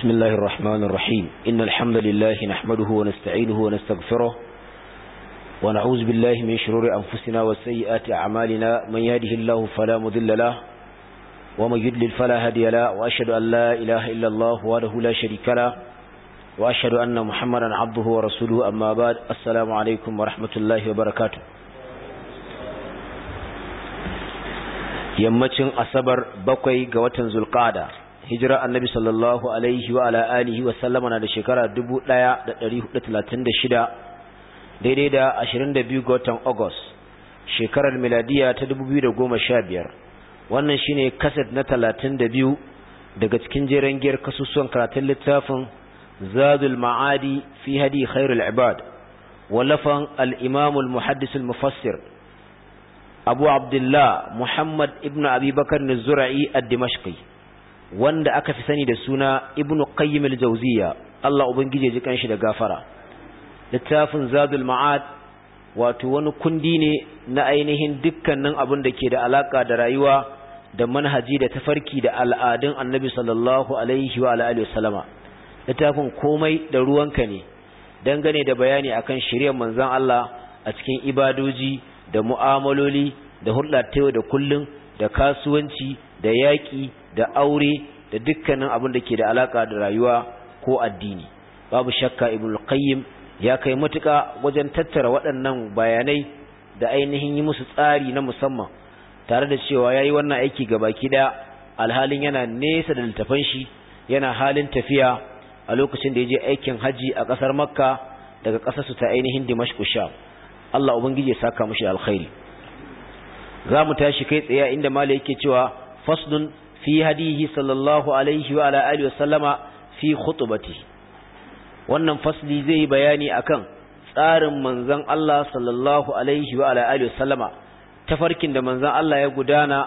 بسم الله الرحمن الرحيم إن الحمد لله نحمده ونستعينه ونستغفره ونعوذ بالله من شرور أنفسنا وسيئات أعمالنا من يهده الله فلا مذل له ومن يدلل فلا هدي له وأشهد أن لا إله إلا الله وله لا شريك له وأشهد أن محمدا عبده ورسوله أما بعد السلام عليكم ورحمة الله وبركاته yammacin asabar bakwai ga watan zulqada hijira annabi sallallahu alaihi wa ala alihi wa sallama na da shekara 1436 daidai da 22 ga watan August shekarar miladiya ta 2015 wannan shine kaset na 32 daga cikin jeren giyar kasusuwan karatun littafin Zadul Ma'adi fi hadi khairul ibad walafan al-Imam al-Muhaddis al-Mufassir Abu Abdullah Muhammad ibn Abi Bakar az-Zura'i ad-Dimashqi wanda aka fi sani da suna ibnu qayyim al-jawziya Allah ubangije ji kanshi da gafara littafin zadul ma'ad wato wani kundi ne na ainihin dukkanin abin da ke da alaka da rayuwa da manhaji da tafarki da al'adun annabi sallallahu alaihi wa alihi wasallama littafin komai da ruwanka ne dangane da bayani akan shari'ar manzon Allah a cikin ibadoji da mu'amaloli da hulɗa ta da kullun da kasuwanci da yaƙi da aure da dukkanin abin da ke da alaka da rayuwa ko addini babu shakka ibn qayyim ya kai matuka wajen tattara waɗannan bayanai da ainihin yi musu tsari na musamman tare da cewa yayi wannan aiki ga baki da alhalin yana nesa da littafan shi yana halin tafiya a lokacin da ya je aikin haji a ƙasar makka daga ƙasarsu ta ainihin dimashku sham Allah ubangiji ya saka mushi alkhairi za mu tashi kai tsaye inda mala yake cewa faslun fi hadihi sallallahu alaihi wa ala alihi wasallama fi wannan fasli zai bayani akan tsarin manzon Allah sallallahu alaihi wa ala alihi wasallama tafarkin da manzon Allah ya gudana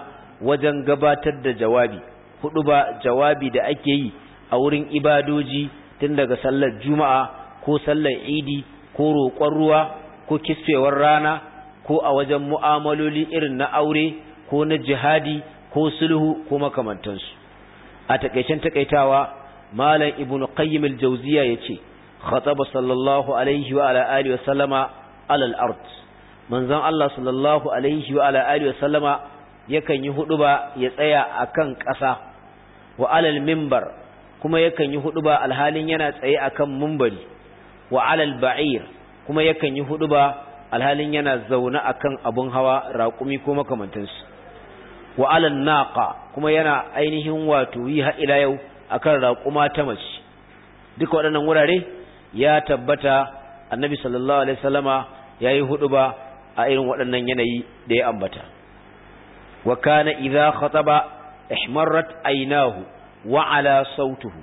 wajen gabatar da jawabi hudu ba jawabi da ake yi a wurin ibadoji tun daga sallar juma'a ko sallar idi ko roƙon ruwa ko kisfewar rana ko a wajen mu'amaloli irin na aure ko na jihadi ko sulhu ko makamantansu a takaicen takaitawa malam ibnu qayyim al-jawziya yace khataba sallallahu alaihi wa ala alihi wa sallama alal ard manzon Allah sallallahu alaihi wa ala alihi wa sallama yakan yi huduba ya tsaya akan ƙasa wa alal mimbar kuma yakan yi huduba alhalin yana tsaye akan mimbari wa alal ba'ir kuma yakan yi huduba alhalin yana zaune akan abun hawa raƙumi ko makamantansu wa alan naqa kuma yana ainihin wato yi har ila yau akan raƙuma ta mace duka waɗannan wurare ya tabbata annabi sallallahu alaihi wasallama yayi huduba a irin waɗannan yanayi da ya ambata wa kana idza khataba ihmarrat aynahu wa ala sautuhu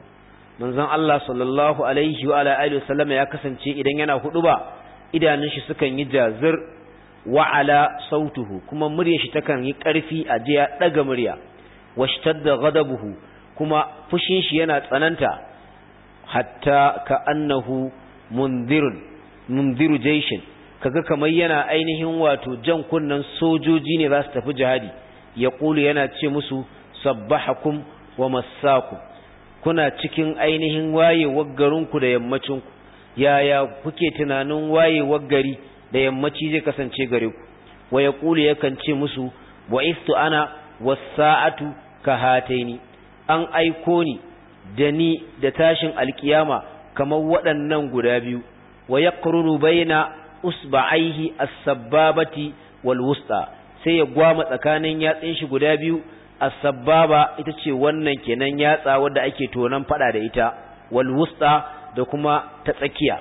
manzon Allah sallallahu alaihi wa ala alihi wasallama ya kasance idan yana huduba idanun shi sukan yi jazir wa'ala sautuhu kuma murya shi takan yi ƙarfi a jiya ɗaga murya washtadda ghadabuhu kuma fushin shi yana tsananta hatta ka annahu mundirun mundiru jaishin kaga kamar yana ainihin wato jan kunnan sojoji ne za su tafi jihadi ya kulu yana ce musu sabbahakum wa masaku, kuna cikin ainihin wayewar garinku da yammacinku yaya kuke tunanin wayewar gari da yammaci zai kasance gare ku wa yakan ce musu wa'istu ana wa sa'atu wasa'atu kahataini an aiko ni da ni da tashin alkiyama kamar waɗannan guda biyu wa yaqruru baina usba'aihi as-sabbabati wal sai ya gwama tsakanin yatsin shi guda biyu as-sabbaba ita ce wannan kenan yatsa wadda ake tonan fada da ita wal da kuma ta tsakiya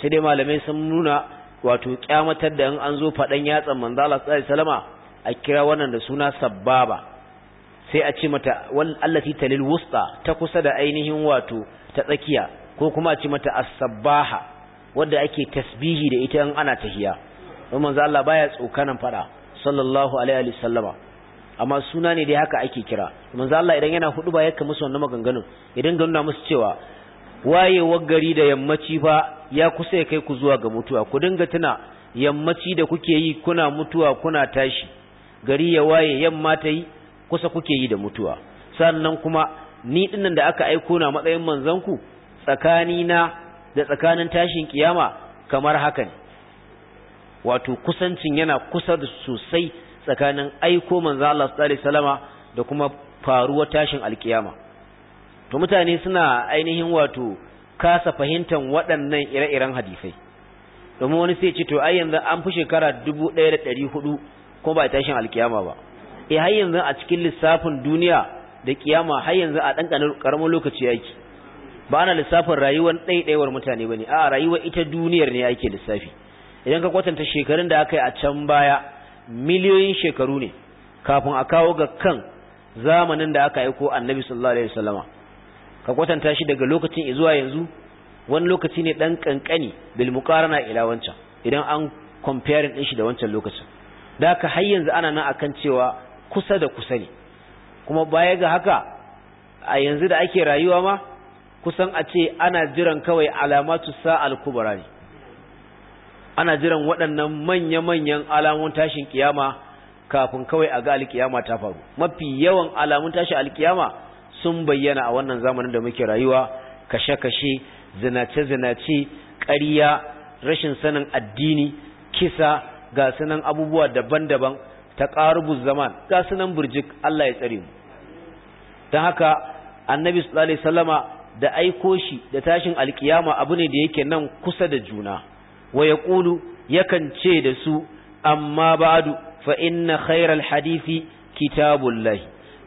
sai dai malamai sun nuna wato kyamatar da in an zo faɗan yatsan manzo Allah sallallahu alaihi wasallama a kira wannan da suna sababa sai a ce mata wal allati talil wusta ta kusa da ainihin wato ta tsakiya ko kuma a ce mata as-sabbaha wanda ake tasbihi da ita in ana tahiya don manzo Allah baya tsokanan fada sallallahu alaihi wasallama amma suna ne dai haka ake kira manzo Allah idan yana hudu ba yakka musu wannan maganganun idan ga nuna musu cewa wayewar gari da yammaci fa ya kusa ya kai ku zuwa ga mutuwa ku dinga tuna yammaci da kuke yi kuna mutuwa kuna tashi gari ya waye yamma ta yi kusa kuke yi da mutuwa sannan kuma ni dinnan da aka aiko na matsayin manzanku tsakani na da tsakanin tashin kiyama kamar haka ne wato kusancin yana kusa da sosai tsakanin aiko manzo Allah sallallahu alaihi wasallama da kuma faruwar tashin alkiyama to mutane suna ainihin wato kasa fahimtar waɗannan ire-iren hadisai domin wani sai ce to ai yanzu an fi shekara 1400 ko ba tashin alkiyama ba eh har yanzu a cikin lissafin duniya da kiyama har yanzu a dan karamin lokaci yake ba ana lissafin rayuwar ɗaiɗaiwar mutane bane a rayuwar ita duniyar ne ake lissafi idan ka kwatanta shekarun da aka yi a can baya miliyoyin shekaru ne kafin a kawo ga kan zamanin da aka aiko annabi sallallahu alaihi wasallama ka kwatanta shi daga lokacin zuwa yanzu wani lokaci ne dan kankani bil muqarana ila wancan idan an comparing din shi da wancan lokacin da haka har yanzu ana nan akan cewa kusa da kusa ne kuma baya ga haka a yanzu da ake rayuwa ma kusan a ce ana jiran kawai alamatu sa'al kubra ne ana jiran waɗannan manya-manyan alamun tashin kiyama kafin kawai a ga alkiyama ta faru mafi yawan alamun tashin alkiyama sun bayyana a wannan zamanin da muke rayuwa kashe-kashe zinace-zinace ƙarya rashin sanin addini kisa ga sunan abubuwa daban-daban ta ƙarubus zaman ga sunan burjik Allah ya tsare mu don haka annabi sallallahu alaihi da aiko shi da tashin alkiyama abu ne da yake nan kusa da juna wa yaqulu yakan ce da su amma ba'du fa inna khairal hadisi kitabullahi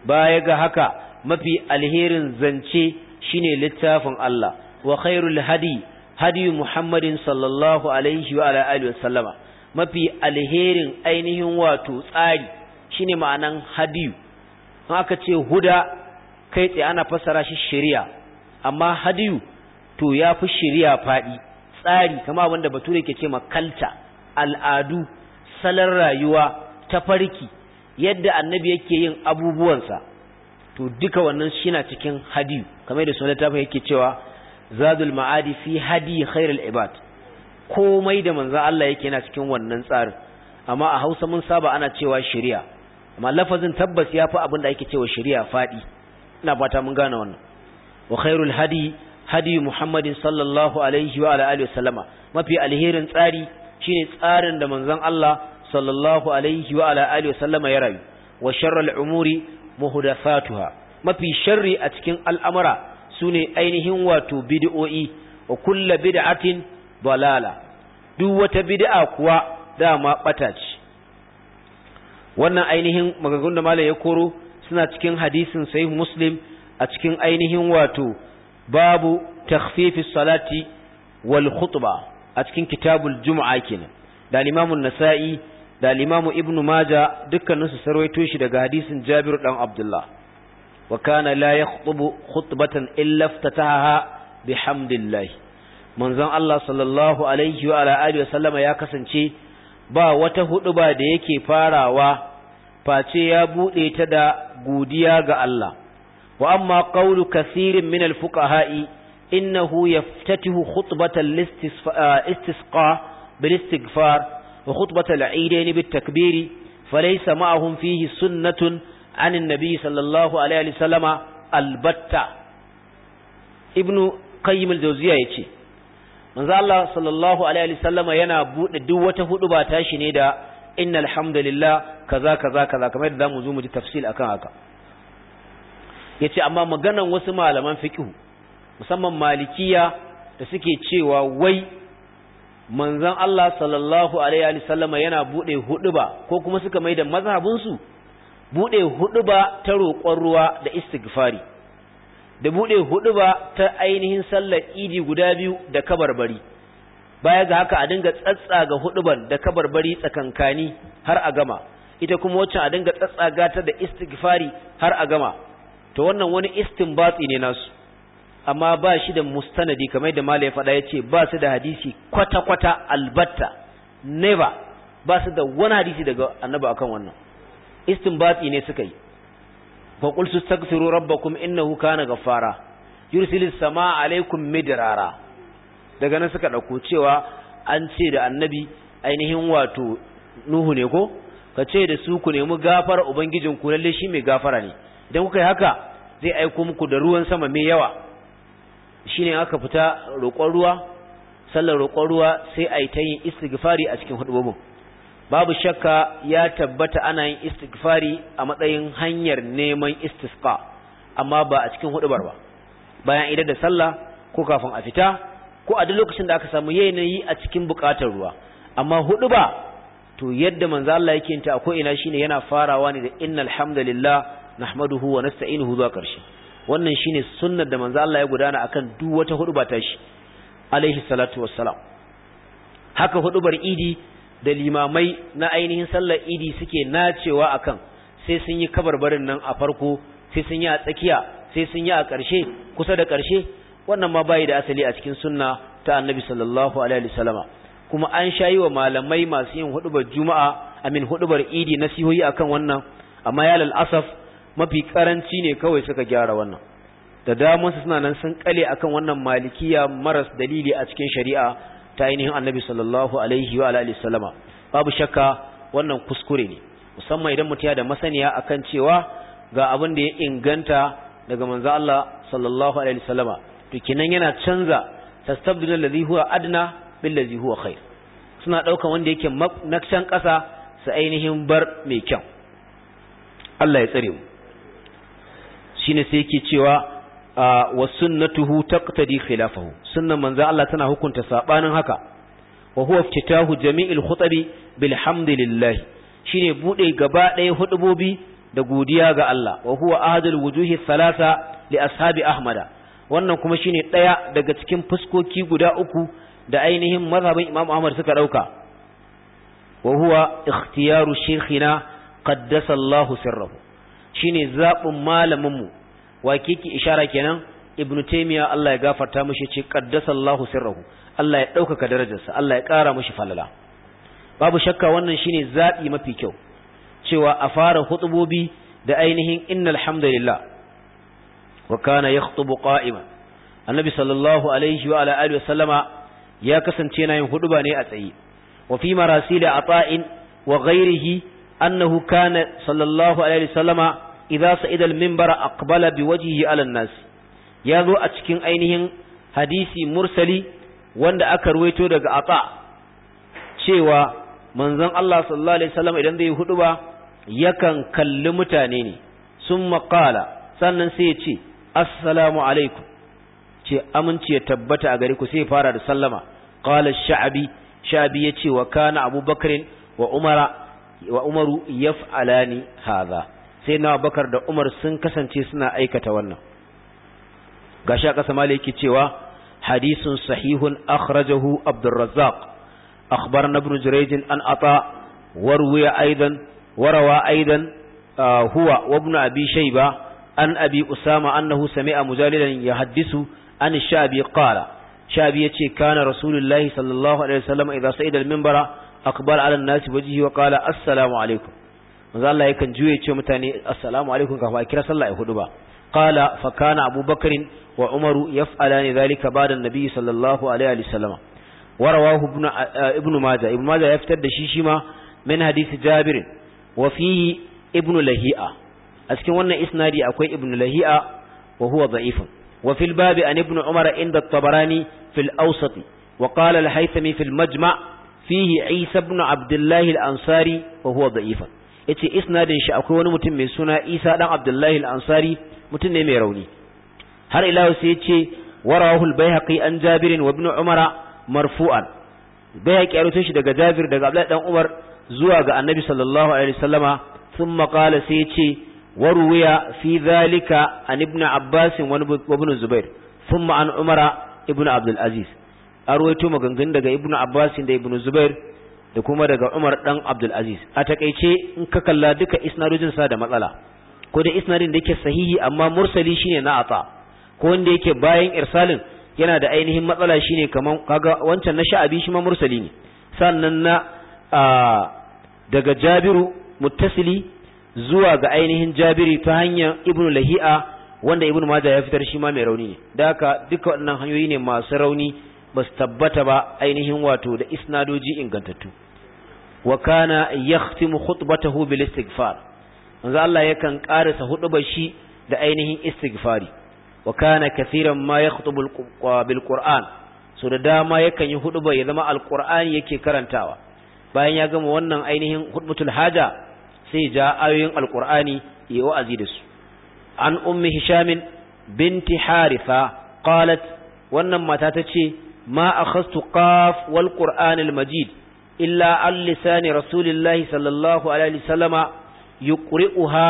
baya ga haka mafi alherin zance shine littafin Allah wa khairul hadi hadi Muhammadin sallallahu alaihi wa ala alihi wasallama mafi alherin ainihin wato tsari shine ma'anan hadi don aka ce huda kai tsaye ana fassara shi shari'a amma hadiyu to ya fi shari'a faɗi tsari kama wanda bature ke ce kalta. al'adu salon rayuwa ta farki yadda annabi yake yin abubuwansa to duka wannan shi na cikin hadiyu kamar da sunan tafi yake cewa zadul ma'adi fi hadi khairul ibad komai da manzon Allah yake yana cikin wannan tsarin amma a Hausa mun saba ana cewa shari'a amma lafazin tabbas yafi abin da ake cewa shari'a fadi ina fata mun gane wannan wa khairul hadi hadi Muhammadin sallallahu alaihi wa alihi wasallama mafi alherin tsari shine tsarin da manzon Allah sallallahu alaihi wa alihi wasallama ya rayu wa sharral umuri muhdathatuha mafi sharri a cikin al'amura sune ainihin wato bid'o'i wa kullu bid'atin dalala duk wata bid'a kuwa dama bata ce wannan ainihin magagun da malam ya koro suna cikin hadisin sahih muslim a cikin ainihin wato babu takhfifi salati wal khutba a cikin kitabul jumu'a kenan da imamun nasa'i da al ibnu Ibn Majah dukkanin su sarwaito shi daga hadisin Jabir dan Abdullah wa kana la yakhutubu khutbatan illa iftataha bihamdillah manzon Allah sallallahu alaihi wa ala alihi wasallama ya kasance ba wata huduba da yake farawa face ya bude ta da godiya ga Allah wa amma qawlu kathirin min al-fuqaha'i innahu yaftatihu khutbatan listisqa ah, bil istighfar وخطبة العيدين بالتكبير فليس معهم فيه سنة عن النبي صلى الله عليه وسلم البتة ابن qayyim al-jawziya yace manzo Allah sallallahu alaihi wasallama yana buɗe duk wata huɗu ba tashi ne da innal hamdalillah kaza kaza kaza kamar da zamu zo mu akan haka yace amma maganan wasu malaman fikihu, musamman malikiya da suke cewa wai manzon Allah sallallahu alaihi wa sallama yana buɗe huduba ko kuma suka maida mazhabunsu. su bude huduba ta roƙon ruwa da istighfari da buɗe huduba ta ainihin sallar idi guda biyu da kabarbari baya ga haka a dinga tsatsaga huduban da kabarbari tsakankani har a gama ita kuma wacce a dinga tsatsaga ta da istighfari har a gama to wannan wani istinbati ne nasu amma ba shi da mustanadi kamar da mala ya faɗa ya ce ba su da hadisi kwata-kwata albatta never ba su da wani hadisi daga annaba akan wannan istinbati ne suka yi fa qul tastaghfiru rabbakum innahu kana ghaffara yursilis samaa alaikum midrara daga nan suka dauko cewa an ce da annabi ainihin wato nuhu ne ko ka ce da su ku nemi gafara ubangijinku lalle shi mai gafara ne idan kuka yi haka zai aiko muku da ruwan sama mai yawa shine aka fita roƙon ruwa sallar roƙon ruwa sai a yi ta yin istighfari a cikin hudubobin babu shakka ya tabbata ana yin istighfari a matsayin hanyar neman istisqa amma ba a cikin hudubar ba bayan idan da sallah ko kafin a fita ko a duk lokacin da aka samu yanayi a cikin buƙatar ruwa amma huduba to yadda manzo Allah yake yin ta a ko ina shine yana farawa ne da innal hamdalillah nahmaduhu wa nasta'inuhu zuwa ƙarshe wannan shine sunnar da manzo Allah ya gudana akan duk wata huduba ta shi alaihi salatu wassalam haka hudubar idi da limamai na ainihin sallar idi suke nacewa akan sai sun yi kabarbarin nan a farko sai sun yi a tsakiya sai sun yi a ƙarshe kusa da ƙarshe wannan ma bayi da asali a cikin sunna ta annabi sallallahu alaihi wasallama kuma an shayi wa malamai masu yin hudubar juma'a amin hudubar idi nasihohi akan wannan amma ya lal asaf mafi karanci ne kawai suka gyara wannan da damansu suna nan sun kale akan wannan malikiya maras dalili a cikin shari'a ta ainihin annabi sallallahu alaihi wa alihi sallama babu shakka wannan kuskure ne musamman idan mutum da masaniya akan cewa ga abin da ya inganta daga manzo Allah sallallahu alaihi sallama to kinan yana canza tastabdil allazi huwa adna bil ladhi huwa khair suna daukan wanda yake nakshan ƙasa kasa su ainihin bar mai kyau Allah ya tsare mu shine sai yake cewa wa sunnatuhu taqtadi khilafahu sunnan manzo Allah tana hukunta sabanin haka wa huwa iftitahu jami'il khutbi shine bude gaba ɗaya hudubobi da godiya ga Allah wa huwa ahadul wujuhi thalatha li ashabi ahmada wannan kuma shine daya daga cikin fuskoki guda uku da ainihin mazhabin Imam Ahmad suka dauka wa huwa ikhtiyaru shaykhina qaddasa sirrahu shine zaɓin malaminmu wa kiki ishara kenan ibnu taymiya Allah ya gafarta mishi ce qaddasallahu sirrahu Allah ya ɗaukaka darajarsa Allah ya ƙara mishi falala babu shakka wannan shine zaɓi mafi kyau cewa a fara hutubobi da ainihin innal hamdalillah wa kana yakhutubu qa'iman annabi sallallahu alaihi wa ala alihi wa sallama ya kasance yana yin hutuba ne a tsaye wa fi marasil ata'in wa ghairihi annahu kana sallallahu alaihi wa sallama idza sa'ida al-minbara aqbala biwajhihi 'ala an-nas ya zo a cikin ainihin hadisi mursali wanda aka ruwaito daga Aqa cewa manzon Allah sallallahu alaihi wasallam idan zai huduba yakan kalli mutane ne summa qala sannan sai ya ce assalamu alaikum ce aminci ya tabbata a gare ku sai fara da sallama qala sha'bi sha'bi ya ce wa kana abubakarin wa umara wa umaru yaf'alani hadha sai na bakar da umar sun kasance suna aikata wannan ga sha ƙasa mali cewa hadisun sahihun akhrajahu abdurrazzaq akhbar na ibn jurayj an aidan huwa wa ibn abi an abi usama annahu sami'a mujalidan yahaddisu an shabi qala shabi yace kana rasulullahi sallallahu alaihi wasallam idza sa'ida al-minbara akbar ala an-nas bihi wa qala alaikum manzo Allah yakan juye ce mutane assalamu alaikum kafin a kira sallah ya hudu ba qala fa kana abubakar wa umaru yaf'alani zalika ba'da an-nabi sallallahu alaihi wa sallam wa rawahu ibn uh, majah majah ya fitar da shi shi ma min hadisi jabir wa fihi ibn lahi'a a cikin wannan isnadi akwai ibn lahi'a wa huwa da'ifun wa fil babi an ibn umar inda tabarani fil awsat wa qala al-haythami fil majma' fihi isa ibn abdullah al-ansari wa huwa yace isnadin shi akwai wani mutum mai suna Isa dan Abdullahi al-Ansari mutum ne mai rauni har ila sai yace warawahu al-Baihaqi an Jabir wa Ibn Umar marfu'an Baihaqi ya rawaito shi daga Jabir daga Abdullahi dan Umar zuwa ga Annabi sallallahu alaihi wasallama thumma qala sai yace waruwiya fi dhalika an Ibn Abbas wa Ibn Zubair thumma an Umar ibn Abdul Aziz arwaito maganganun daga Ibn Abbas da Ibn Zubair da kuma daga Umar dan Abdul Aziz a takeice in ka kalla duka isnadojin sa da matsala ko da isnadin da yake sahihi amma mursali shine na ata ko wanda yake bayan irsalin yana da ainihin matsala shine kaman kaga wancan na sha'abi shi ma mursali ne sannan na daga Jabiru muttasili zuwa ga ainihin Jabiri ta hanyar Ibn Lahi'a wanda Ibn Majah ya fitar shi ma mai rauni ne da haka duka wannan hanyoyi ne masu rauni ba tabbata ba ainihin wato da isnadoji ingantattu wa kana yakhtimu khutbatahu bil istighfar manzo Allah yakan karasa hudubar shi da ainihin istighfari wa kana kathiran ma yakhtubu bil qur'an so da dama yakan yi hudubar ya zama alqur'ani yake karantawa bayan ya gama wannan ainihin hudbatul haja sai ja ayoyin alqur'ani ya wa'azi da su an ummi hishamin binti harifa qalat wannan mata ce ma akhadtu qaf wal qur'anil majid illa an lisani rasulillahi sallallahu alaihi wasallama yuqri'uha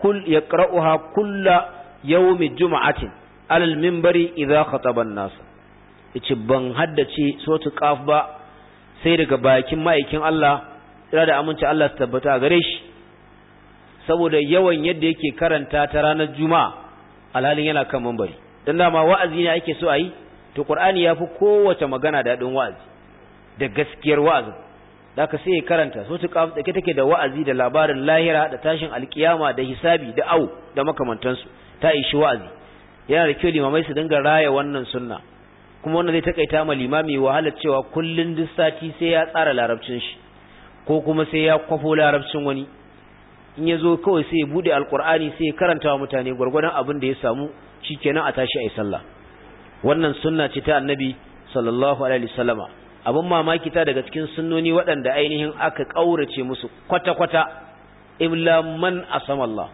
kull yaqra'uha kull yawm jum'atin alal minbari idza khataba an-nas yace ban haddace suratul qaf ba sai daga bakin ma'aikin Allah tsira da aminci Allah su tabbata gare shi saboda yawan yadda yake karanta ta ranar juma'a alhalin yana kan minbari dan dama wa'azi ne ake so a yi to qur'ani yafi kowace magana da dadin wa'azi da gaskiyar wa'azi ka sai ya karanta su qaf da take da wa'azi da labarin lahira da tashin alkiyama da hisabi da au da makamantansu ta ishi wa'azi yana da kyau limamai su dinga raya wannan sunna kuma wannan zai takaita ma limami wahala cewa kullum duk sati sai ya tsara larabcin shi ko kuma sai ya kwafo larabcin wani in ya zo kawai sai ya bude alkur'ani sai ya karanta wa mutane gwargwadon abin da ya samu shikenan a tashi a yi sallah wannan sunna ce ta annabi sallallahu alaihi wasallama abin mamaki ta daga cikin sunnoni waɗanda ainihin aka ƙaurace musu kwata-kwata imla man Allah.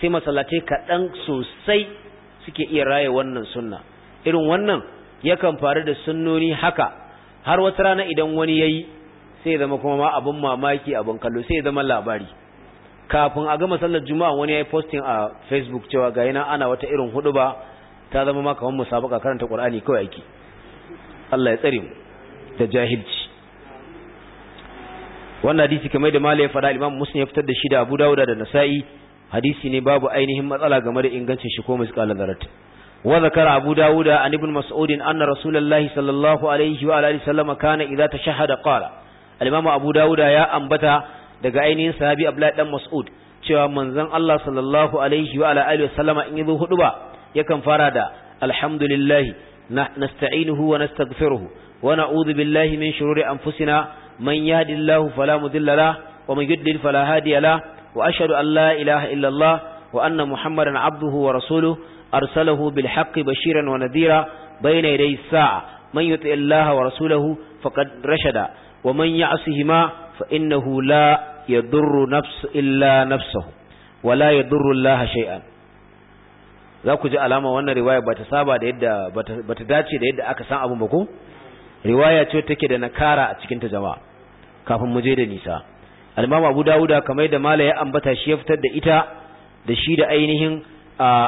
sai masallatai kaɗan sosai suke iya raye wannan sunna irin wannan yakan faru da sunnoni haka har wata rana idan wani ya yi sai zama kuma ma abin mamaki abin kallo sai zama labari kafin a gama sallar juma'a wani ya yi posting a facebook cewa ga yana ana wata irin hudu ba ta zama ma kamar musabaka karanta qur'ani kawai ake Allah ya tsare mu da jahilci wannan hadisi kamar da malai ya faɗa imam muslim ya fitar da shi da abu dawuda da nasa'i hadisi ne babu ainihin matsala game da ingancin shi ko misqala zarat wa zakara abu dawuda an ibn mas'ud anna rasulullahi sallallahu alaihi wa alihi sallama kana idza tashahhada qala al-imam abu dawuda ya ambata daga ainihin sahabi abdullahi dan mas'ud cewa manzon Allah sallallahu alaihi wa alihi sallama in yazo hudu ba yakan fara da alhamdulillah nasta'inuhu wa nastaghfiruhu ونعوذ بالله من شرور أنفسنا من يهد الله فلا مذل له ومن يدلل فلا هادي له وأشهد أن لا إله إلا الله وأن محمدا عبده ورسوله أرسله بالحق بشيرا ونذيرا بين يدي الساعة من يطع الله ورسوله فقد رشد ومن يعصهما فإنه لا يضر نفس إلا نفسه ولا يضر الله شيئا za ku ji alama wannan riwaya ba ta saba da yadda ba ta dace da yadda aka san abun ba ko riwaya ce take da nakara a cikin ta jama'a kafin mu je da nisa al-imam Abu dauda kamar da malai ya ambata shi ya fitar da ita da shi da ainihin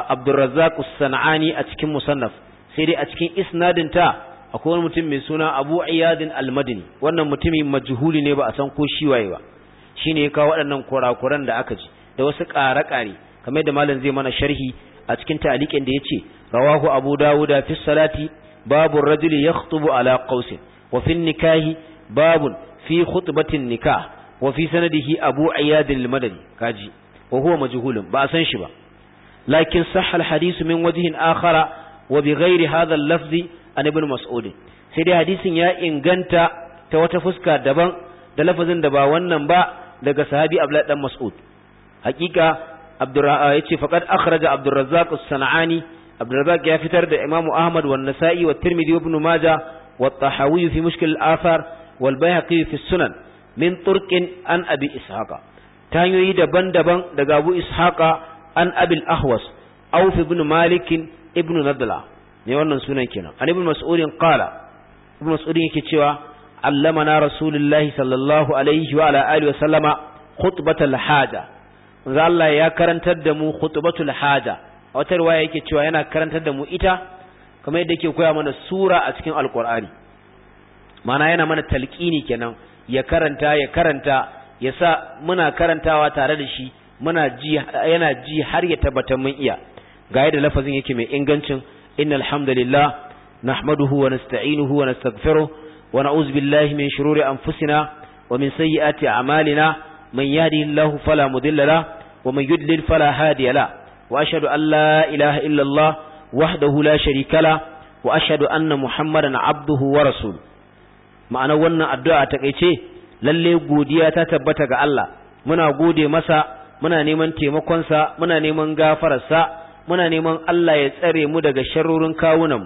Abdurrazzaq as-Sanani a cikin musannaf sai dai a cikin isnadin ta akwai wani mutum mai suna Abu Iyad al-Madini wannan mutumin majhuli ne ba a san ko shi waye ba shine ya kawo waɗannan kurakuran da aka ji da wasu ƙare-ƙare kamar da malam zai mana sharhi a cikin ta'liqin da yace rawahu Abu Dawuda fi salati babu rajuli ya ala qausin wa fi nikahi babun fi khutbatin nikah wa fi sanadihi abu ayyad al-madani kaji wa huwa majhulun ba san shi ba lakin sahha al min wajihin akhara wa bi ghairi hadha al-lafz an ibn mas'ud sai dai hadisin ya inganta ta wata fuska daban da lafazin da ba wannan ba daga sahabi abdullahi dan mas'ud hakika abdurra ce faqad akhraja da as-sanani abdurrazzaq ya fitar da imam ahmad wa nasa'i wa tirmidhi ibn majah wa tahawi fi mushkil al-athar wal bayhaqi fi sunan min turqin an abi ishaqa ta hanyoyi daban-daban daga abu ishaka an abil ahwas auf ibn malik ibn nadla ne wannan sunan kenan an ibn mas'udin qala ibn mas'udin yake cewa allamana rasulullahi sallallahu alaihi wa ala alihi wa sallama khutbatul haja Allah ya karantar da mu khutbatul haja a wata riwaya yake cewa yana karantar da mu ita kamar yadda yake koya mana sura a cikin alkur'ani ma'ana yana mana talqini kenan ya karanta ya karanta ya sa muna karantawa tare da shi muna yana ji har ya tabbatar mun iya ga yadda lafazin yake mai ingancin inna alhamdulillah nahmaduhu wa nasta'inuhu wa nastaghfiruh wa na'udzu billahi min shururi anfusina wa min sayyiati a'malina man yahdihillahu fala mudilla lahu wa man yudlil fala hadiya lahu وأشهد أن لا إله إلا الله وحده لا شريك له وأشهد أن محمدا عبده ورسوله ma'ana wannan addu'a ta kaice lalle godiya ta tabbata ga Allah muna gode masa muna neman taimakonsa muna neman gafararsa muna neman Allah ya tsare mu daga sharrorin kawunan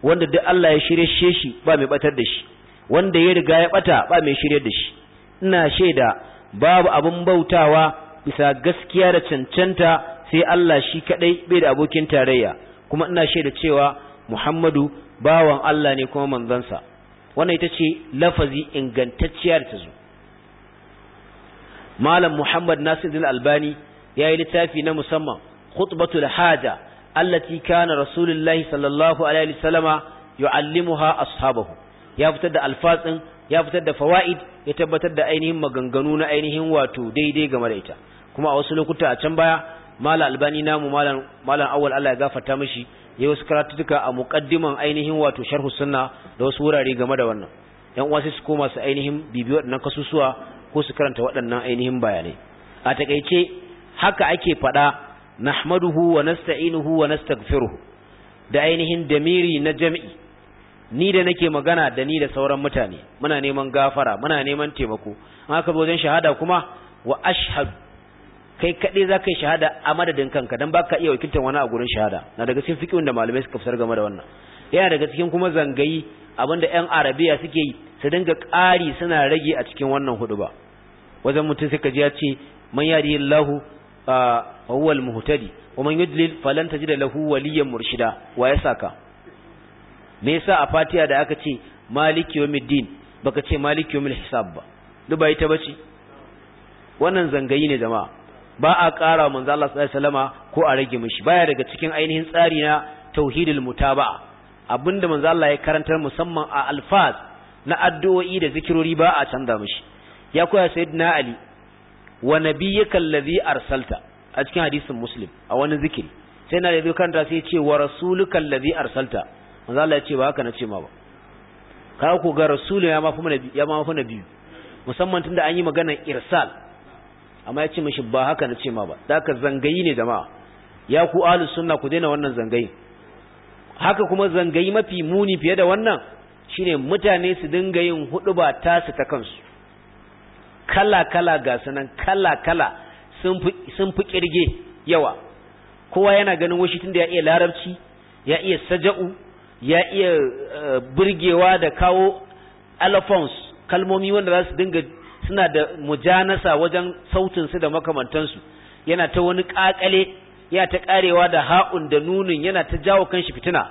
wanda duk Allah ya shirye shi ba mai batar da shi wanda ya riga ya bata ba mai shirye da shi ina shaida babu abin bautawa bisa gaskiya da cancanta sai Allah shi kaɗai bai da abokin tarayya kuma ina shaida cewa Muhammadu bawan Allah ne kuma manzansa wannan ita ce lafazi ingantacciya da ta Malam Muhammad nasir Nasiruddin Albani ya yi littafi na musamman khutbatul haja allati kana rasulullahi sallallahu alaihi wasallama yu'allimuha ashabahu ya fitar da alfatsin ya fitar da fawaid ya tabbatar da ainihin maganganu na ainihin wato daidai game da ita kuma a wasu lokuta a can baya mala albani namu malan malam awal Allah ya gafarta mishi yayi wasu karatutuka a muqaddiman ainihin wato sharhu sunna da wasu wurare game da wannan yan uwa sai su koma su ainihin bibi wadannan kasusuwa ko su karanta waɗannan ainihin bayanai a takeice haka ake faɗa nahmaduhu wa nasta'inuhu wa nastaghfiruhu da ainihin damiri na jami'i ni da nake magana da ni da sauran mutane muna neman gafara muna neman taimako an haka wajen shahada kuma wa ashhadu kai kaɗai za ka yi shahada a madadin kanka don ba ka iya wakiltar wani a gurin shahada na daga cikin fikin da malamai suka fitar game da wannan yana daga cikin kuma zangayi abinda 'yan arabiya suke yi su dinga ƙari suna rage a cikin wannan hudu ba wajen mutum suka ji ya ce man yadi lahu a al-muhtadi wa man yudlil ji da lahu waliyyan murshida wa ya saka me yasa a Fatiya da aka ce maliki ba baka ce maliki yawmil hisab ba duk ba ita bace wannan zangayi ne jama'a ba a ƙara manzo Allah sallallahu alaihi wasallama ko a rage mishi baya daga cikin ainihin tsari na tauhidul mutaba'a abinda manzo Allah ya karantar musamman a alfaz na addu'o'i da zikirori ba a canza mishi ya koya sayyidina ali wa nabiyyakal ladhi arsalta a cikin hadisin muslim a wani zikiri sai na da kanta sai ya ce wa rasulukal ladhi arsalta manzo Allah ya ce ba haka na ce ma ba ka ku ga rasulu ya mafi nabi ya mafi nabi musamman tunda an yi maganar irsal amma ya ce mashi ba haka na ce ma ba ka zangayi ne jama'a ya ku alu suna ku daina wannan zangayi haka kuma zangayi mafi muni fiye da wannan shine mutane su dinga yin huduba ta su ta kansu kala kala ga sanan kala kala sun fi sun fi kirge yawa kowa yana ganin washi tunda ya iya larabci ya iya saja'u ya iya eh, burgewa da kawo alphons kalmomi wanda za su dinga suna da mujanasa wajen sautin su da makamantansu yana ta wani kakale ya ta karewa da ha'un da nunin yana ta jawo kanshi fitina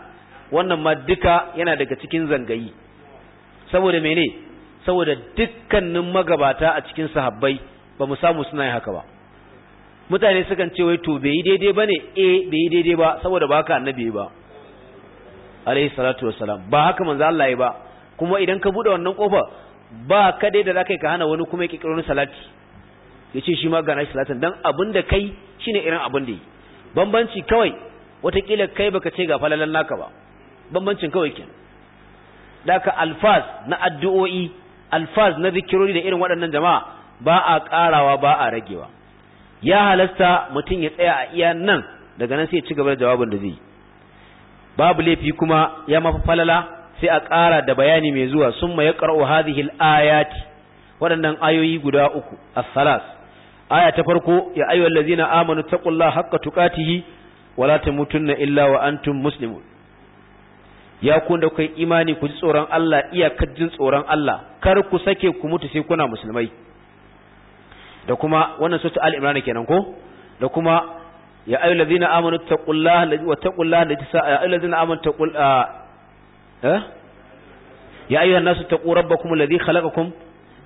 wannan ma duka yana daga cikin zangayi saboda mene saboda dukkanin magabata a cikin sahabbai ba mu samu suna yin haka ba mutane sukan ce wai to bai yi daidai bane eh bai yi daidai ba saboda ba haka annabi ba alaihi salatu wassalam ba haka manzo Allah ya ba kuma idan ka bude wannan kofa ba ka da za ka ka hana wani kuma ya ƙirƙiro salati ya ce shi ma gana shi salatin don abin da kai shine ne irin abin da yi bambanci kawai watakila kai baka ce ga falalan naka ba bambancin kawai kenan daka alfaz na addu'o'i alfaz na zikirori da irin waɗannan jama'a ba a ƙarawa ba a ragewa ya halasta mutum ya tsaya a iya nan daga nan sai ya ci gaba da jawabin da zai babu laifi kuma ya mafi falala sai a ƙara da bayani mai zuwa sun ma ya ƙar'o al-ayati waɗannan ayoyi guda uku as-salas aya ta farko ya ayyuhal ladzina amanu taqullaha haqqa tuqatihi wala tamutunna illa wa antum muslimun ya ku da kai imani ku ji tsoron Allah iyakar jin tsoron Allah kar ku sake ku mutu sai kuna musulmai da kuma wannan sura al-imran kenan ko da kuma ya ayyuhal ladzina amanu taqullaha wa taqullaha ladzina amanu taqullaha eh ya ayyuhan nasu taqu rabbakum alladhi khalaqakum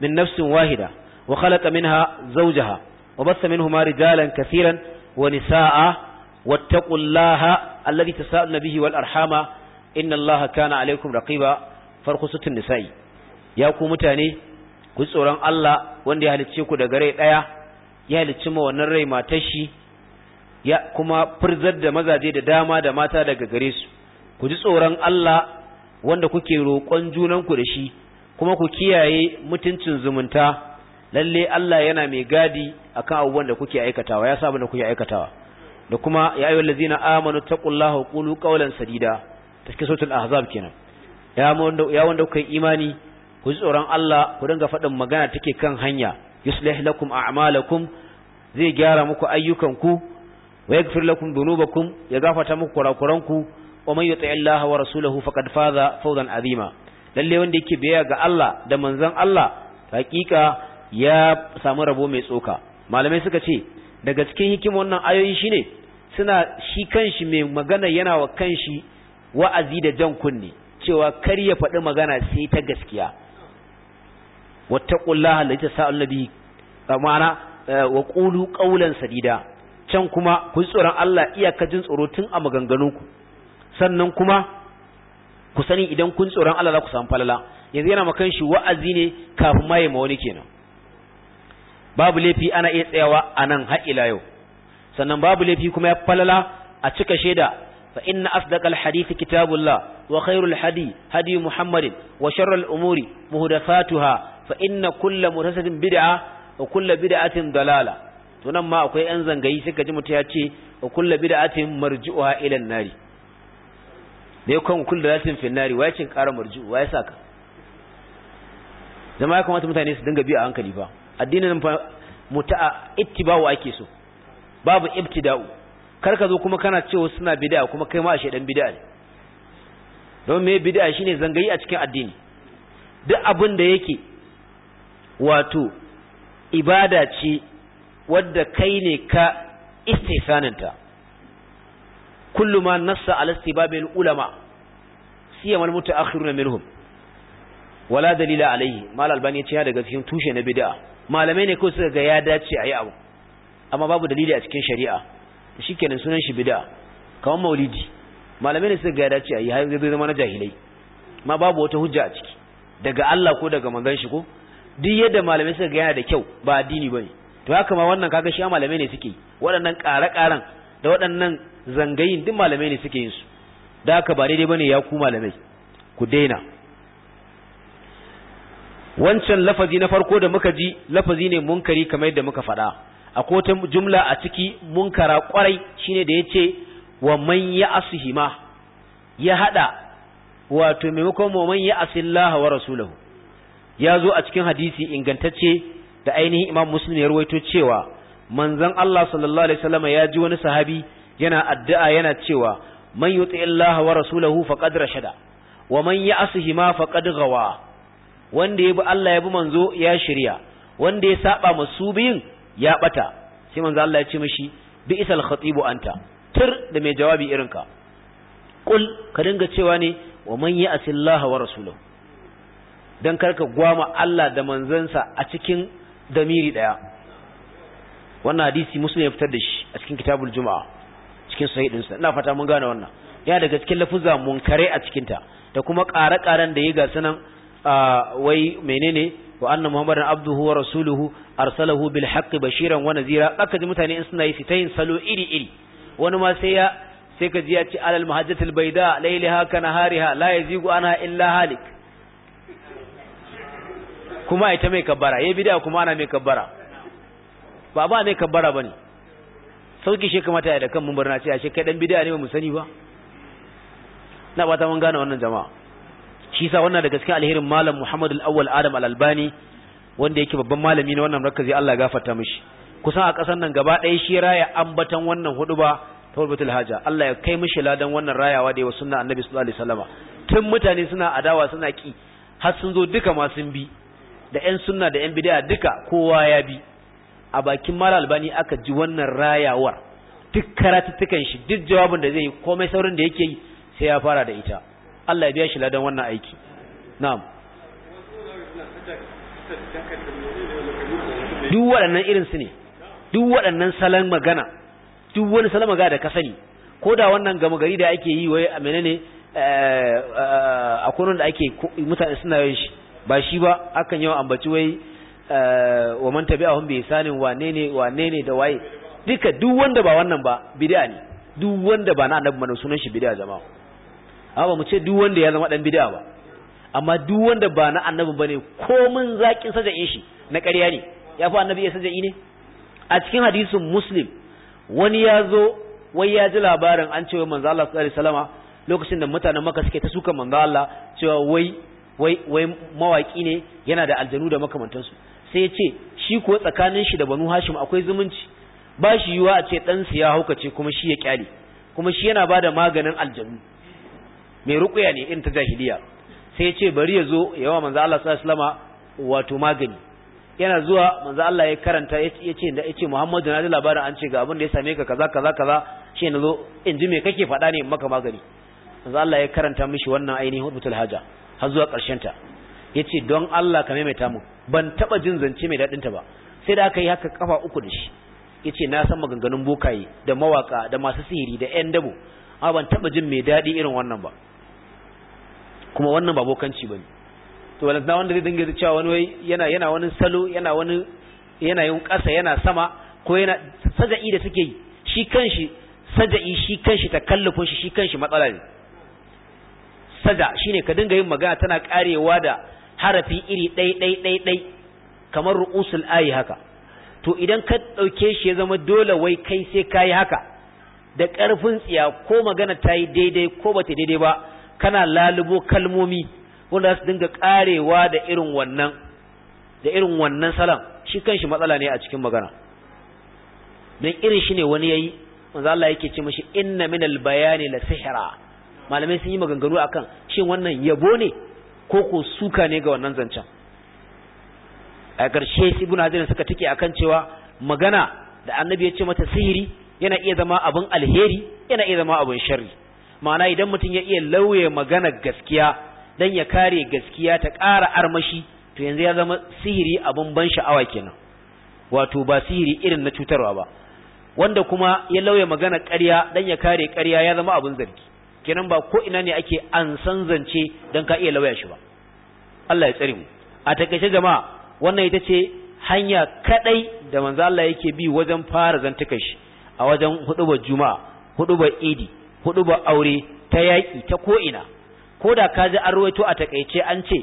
min nafsin wahida wa khalaqa minha zawjaha huma bassa minhuma rijalan kaseeran wa nisaa wattaqullaha alladhi tasaaluna bihi wal arhama inna allaha kana alaykum raqiba farqu sutun nisa'i ya ku mutane ku tsoron Allah wanda ya halicce ku daga rai daya ya halicci ma wannan rai matar shi ya kuma furzar da mazaje da dama da mata daga gare su ku ji tsoron Allah wanda kuke roƙon junanku da shi kuma ku kiyaye mutuncin zumunta lalle Allah yana mai gadi akan abubuwan da kuke aikatawa ya saba da kuke aikatawa da kuma ya ayyuhal ladzina amanu taqullaha wa qulu qawlan sadida take suratul ahzab kenan ya wanda ya wanda kuke imani ku ji tsoron Allah ku dinga faɗin magana take kan hanya yuslih lakum a'malakum zai gyara muku ayyukanku wa yaghfir lakum dhunubakum ya gafarta muku kurakuranku wa man yuti Allah wa rasulahu faqad faza fawzan azima lalle wanda yake biyayya ga Allah da manzon Allah hakika ya samu rabo mai tsoka malamai suka ce daga cikin hikimar wannan ayoyi shine suna shi kanshi mai magana yana wa kanshi wa'azi da jan kunne cewa kar ya faɗi magana sai ta gaskiya wattaqullaha allati sa'al bihi ma'ana eh, wa qulu qawlan sadida can kuma ku tsoron Allah jin tsoro tun a maganganunku sannan kuma ku sani idan kun tsoron Allah za ku samu falala yanzu yana makan shi wa'azi ne kafin ma ma wani kenan babu laifi ana iya tsayawa a nan har ila yau sannan babu laifi kuma ya falala a cika shaida fa inna asdaqal hadisi kitabullah wa khairul hadi hadi muhammadin wa sharral umuri muhdathatuha fa inna kulla muhdathatin bid'a wa kulla bid'atin dalala to nan ma akwai yan zangayi suka ji mutum ya ce wa kulla bid'atin marji'uha ila nari da ya kwan kullu latin finnari ya cin ƙara marju ya saka zama ya kamata mutane su dinga biya a hankali ba addinin fa a ittiba'u ake so babu ibtida'u kar ka zo kuma kana cewa suna bid'a kuma kai ma a shedan bid'a ne don me bid'a shine zangayi a cikin addini duk abin da yake wato ibada ce wadda kai ne ka istisananta kullu ma nassa ala istibabil ulama siyama almutaakhirun minhum wala dalila alayhi mal albani ya ce daga cikin tushe na bid'a malamai ne ko suka ga ya dace ayi abu amma babu dalili a cikin shari'a shikenan sunan shi bid'a kamar maulidi malamai ne suka ga ya dace ayi har zai zama na jahilai ma babu wata hujja a ciki daga Allah ko daga manzon shi ko duk yadda malamai suka ga yana da kyau ba addini bane to haka ma wannan kaga shi malamai ne suke waɗannan ƙare-ƙaren da waɗannan zangayin duk malamai ne suke yin su da haka ba daidai bane ya ku malamai ku daina wancan lafazi na farko da muka ji lafazi ne munkari kamar yadda muka faɗa a wata jumla a ciki munkara kwarai shine da yace wa man ya asihima ya hada wato maimakon wa man ya asillaha wa rasulahu ya zo a cikin hadisi ingantacce da ainihin imam muslim ya ruwaito cewa manzon Allah sallallahu alaihi wasallam ya ji wani sahabi yana addu'a yana cewa man yuti Allah wa rasulahu faqad rashada wa man ya'sihi ma faqad ghawa wanda yabi Allah yabi manzo ya shirya wanda ya saba masu biyun ya ɓata sai manzo Allah ya ce mishi bi isal khatibu anta tur da mai jawabi irin ka kul ka dinga cewa ne wa man ya'si Allah wa rasulahu Don karka gwama Allah da manzansa a cikin damiri ɗaya wannan hadisi muslim ya fitar da shi a cikin kitabul juma'a cikin sahih sa ina fata mun gane wannan ya daga cikin mun munkare a cikin ta da kuma ƙare-ƙaren da yayi ga sanan wai menene wa anna muhammadan abduhu wa rasuluhu arsalahu bil haqqi bashiran wa nazira aka ji mutane in suna yi fitayin salo iri iri wani ma sai ya sai ka ji ya ci alal mahajjatul baida lailaha kana hariha la yazigu anha illa halik kuma ita mai kabbara ya bida kuma ana mai kabbara ba ba mai kabbara bane sauki shi kamata ya da kan mun barna ce a kai dan bid'a ne ba mu sani ba na ba ta mun gane wannan jama'a shi sa wannan daga cikin alherin malam Muhammad al-Awwal Adam al-Albani wanda yake babban malami na wannan markazi Allah ya gafarta mishi kusan a kasan nan gaba ɗaya shi raya ambatan wannan huduba ba hulbatul haja Allah ya kai mishi ladan wannan rayawa da yawa sunna annabi sallallahu alaihi wasallama tun mutane suna adawa suna ki har sun zo duka ma sun bi da ƴan sunna da ƴan bid'a duka kowa ya bi a bakin mala albani aka ji wannan rayawar duk karatuttukan shi duk jawabin da zai yi komai saurin da yake yi sai ya fara da ita Allah ya biya shi ladan wannan aiki na'am duk waɗannan irin su ne duk waɗannan salon magana duk wani salon magana da ka sani ko da wannan gama gari da ake yi wai a menene eh, eh, eh, a kunan da ake mutane suna yin shi ba shi ba akan yawan ambaci wai Eh, wa man tabi'ahum bi ihsanin wane ne wane ne da waye duka duk wanda ba wannan ba bid'a ne duk wanda ba na annabi ba sunan shi bid'a jama'a amma mu ce duk wanda ya zama dan bid'a ba amma duk wanda ba na annabi bane komin zakin saja'in shi na ƙarya ne ya fi annabi ya saja'i ne a cikin hadisin muslim wani ya zo wai ya ji labarin an cewa manzo Allah sallallahu alaihi wasallam lokacin da mutanen Makka suke ta suka manzo Allah cewa wai wai wai mawaki ne yana da aljanu da makamantansu sai ya ce shi kuwa tsakanin shi da banu hashim akwai zumunci ba shi yiwa a ce ɗansu ya haukace kuma shi ya kyale kuma shi yana ba da maganin aljanu mai rukuya ne in ta jahiliya sai ya ce bari ya zo yawa manzo Allah sallallahu alaihi wato magani yana zuwa manzo Allah ya karanta ya ce da yace Muhammadu na da labarin an ce ga abin da ya same ka kaza kaza kaza shi ne zo in ji me kake faɗa ne maka magani manzo Allah ya karanta mishi wannan ainihin hutbatul haja har zuwa ƙarshen ta yace don Allah ka maimaita mu ban taba jin zance mai dadin ta ba sai da aka yi haka kafa uku da shi yace na san maganganun bokaye da mawaka da masu sihiri da ƴan dabo amma ban taba jin mai dadi irin wannan ba kuma wannan ba bokanci bane to wannan wanda zai dinga cewa wani wai yana yana wani salo yana wani yana yin kasa yana sama ko yana saja'i da suke yi shi kanshi saja'i shi kanshi ta takallufin shi shi kanshi matsala ne saja shine ka dinga yin magana tana karewa da harafi iri ɗai ɗai ɗai ɗai kamar ru'usul ayi haka to idan ka ɗauke shi ya zama dole wai kai sai ka yi haka da ƙarfin tsiya ko magana ta yi daidai ko ba ta daidai ba kana lalubo kalmomi wanda za su dinga ƙarewa da irin wannan da irin wannan salam shi kanshi matsala ne a cikin magana don irin shi ne wani yayi yi manzo Allah yake ce mashi inna min bayani la sihra malamai sun yi maganganu akan shin wannan yabo ne ko ko suka ne ga wannan zancen a ƙarshe ibn hajar suka tike kan cewa magana da annabi ya ce mata sihiri yana iya zama abin alheri yana iya zama abin sharri ma'ana idan mutum ya iya lauye magana gaskiya dan ya kare gaskiya ta ƙara armashi to yanzu ya zama sihiri abin ban sha'awa kenan wato ba sihiri irin na cutarwa ba wanda kuma ya lauye magana ƙarya dan ya kare ƙarya ya zama abin zargi kenan ba ko ina ne ake an san zance dan ka iya lauya shi ba Allah ya tsare mu a takaice jama'a wannan ita ce hanya kadai da manzo Allah yake bi wajen fara zantukan shi a wajen hudubar juma'a hudubar idi hudubar aure ta yaki ta ko ina koda ka ji an ruwaito a takaice an ce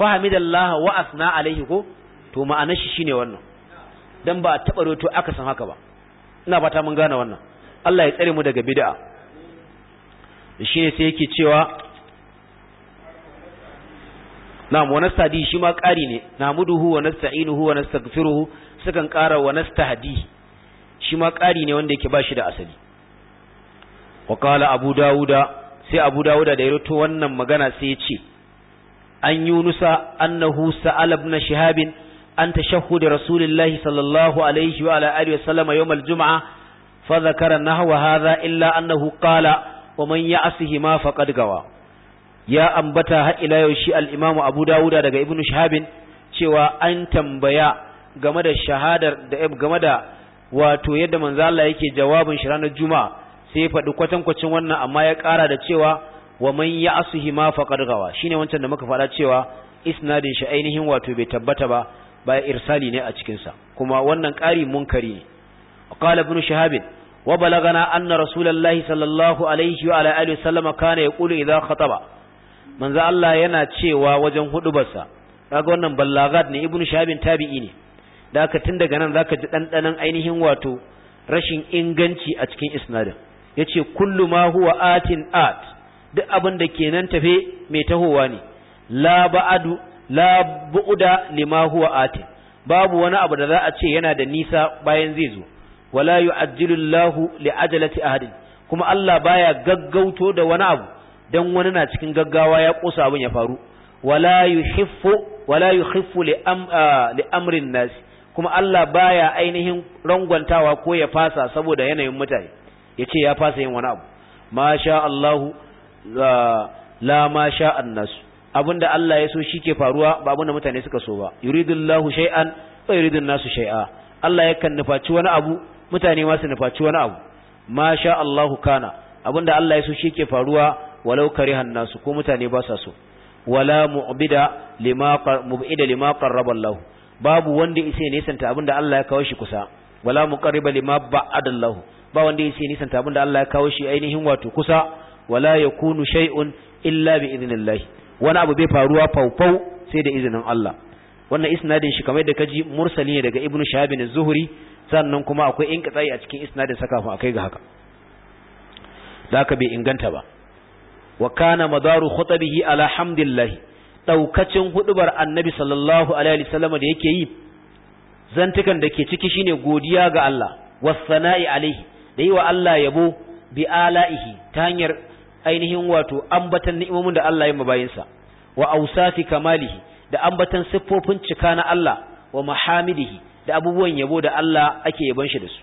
fahimidallahi wa asna alaihi ko to ma'anar shi shine wannan dan ba taba ruwaito aka san haka ba ina fata mun gane wannan Allah ya tsare mu daga bid'a shi ne sai yake cewa na wa nastahdi shi ma ƙari ne na nahmuduhu wa nasta'inuhu wa firuhu sukan ƙara wa nastahdi shi ma ƙari ne wanda yake ba shi da asali wa qala abu dawuda sai abu dawuda da ya rato wannan magana sai ya ce an yunusa annahu alab ibn shihabin an tashahhud rasulillahi sallallahu alaihi wa ala alihi wa sallama yawm al-jum'a fa dhakara nahwa hadha illa annahu qala wa man ya'sihi ma faqad gawa ya ambata har ila yau shi al-Imam Abu Dawuda daga Ibn Shahabin cewa an tambaya game da shahadar da game da wato yadda manzo Allah yake jawabin shi ranar Juma'a sai faɗi kwatankwacin wannan amma ya ƙara da cewa wa man ya'sihi ma faqad gawa shine wancan da muka faɗa cewa isnadin shi ainihin wato bai tabbata ba ba irsali ne a cikin sa kuma wannan ƙari munkari ne qala ibn shahabin وبلغنا أن رسول الله صلى الله عليه وعلى آله وسلم كان يقول إذا خطب من ذا الله yana cewa wajen hudubarsa basa kaga wannan ballagat ne ibnu Shabin tabi'i ne da ka tun daga nan zaka ji dandanan ainihin wato rashin inganci a cikin isnadin yace kullu ma huwa atin at duk abin da ke nan tafe mai tahowa ne la ba'adu la bu'da lima huwa atin babu wani abu da za a ce yana da nisa bayan zai zo wala yu'ajjilu Allahu a ahadin kuma Allah baya gaggauto da wani abu dan wani na cikin gaggawa ya kosa abin ya faru wala yuhiffu wala yuhiffu ah, li amrin nas kuma Allah baya ainihin rangwantawa ko ya fasa saboda yanayin mutane yace ya fasa yin wani abu ma sha ah, la ma sha annas abinda Allah ya so shi ke faruwa ba abinda mutane suka so ba yuridullahu shay'an wa shai'a nasu shay'a Allah yakan nufaci wani abu mutane ma su nufaci wani abu ma sha Allahu kana abinda Allah ya so shi ke faruwa walau karihan nasu ko mutane ba sa so wala mu'bida lima mubida lima qarraba Allah babu wanda yake nisanta abinda Allah ya kawo shi kusa wala muqarriba lima ba'ada Allah ba wanda yake nisanta abinda Allah ya kawo shi ainihin wato kusa wala yakunu shay'un illa bi idnillah wani abu bai faruwa faufau sai da izinin Allah wannan isnadin shi kamar da kaji mursali ne daga ibnu shahabin az-zuhri sannan kuma akwai in a cikin isnadin saka kafin akai ga haka da ka bai inganta ba wa kana madaru khutbihi ala hamdillahi daukacin hudubar annabi sallallahu alaihi wasallam da yake yi zantukan da ke ciki shine godiya ga Allah wassana'i alaihi da yi wa Allah yabo bi ala'ihi ta hanyar ainihin wato ambatan ni'imomin da Allah ya mabayinsa wa ausati kamalihi da ambatan siffofin cika na Allah wa mahamidihi da abubuwan yabo da Allah ake yabon shi da su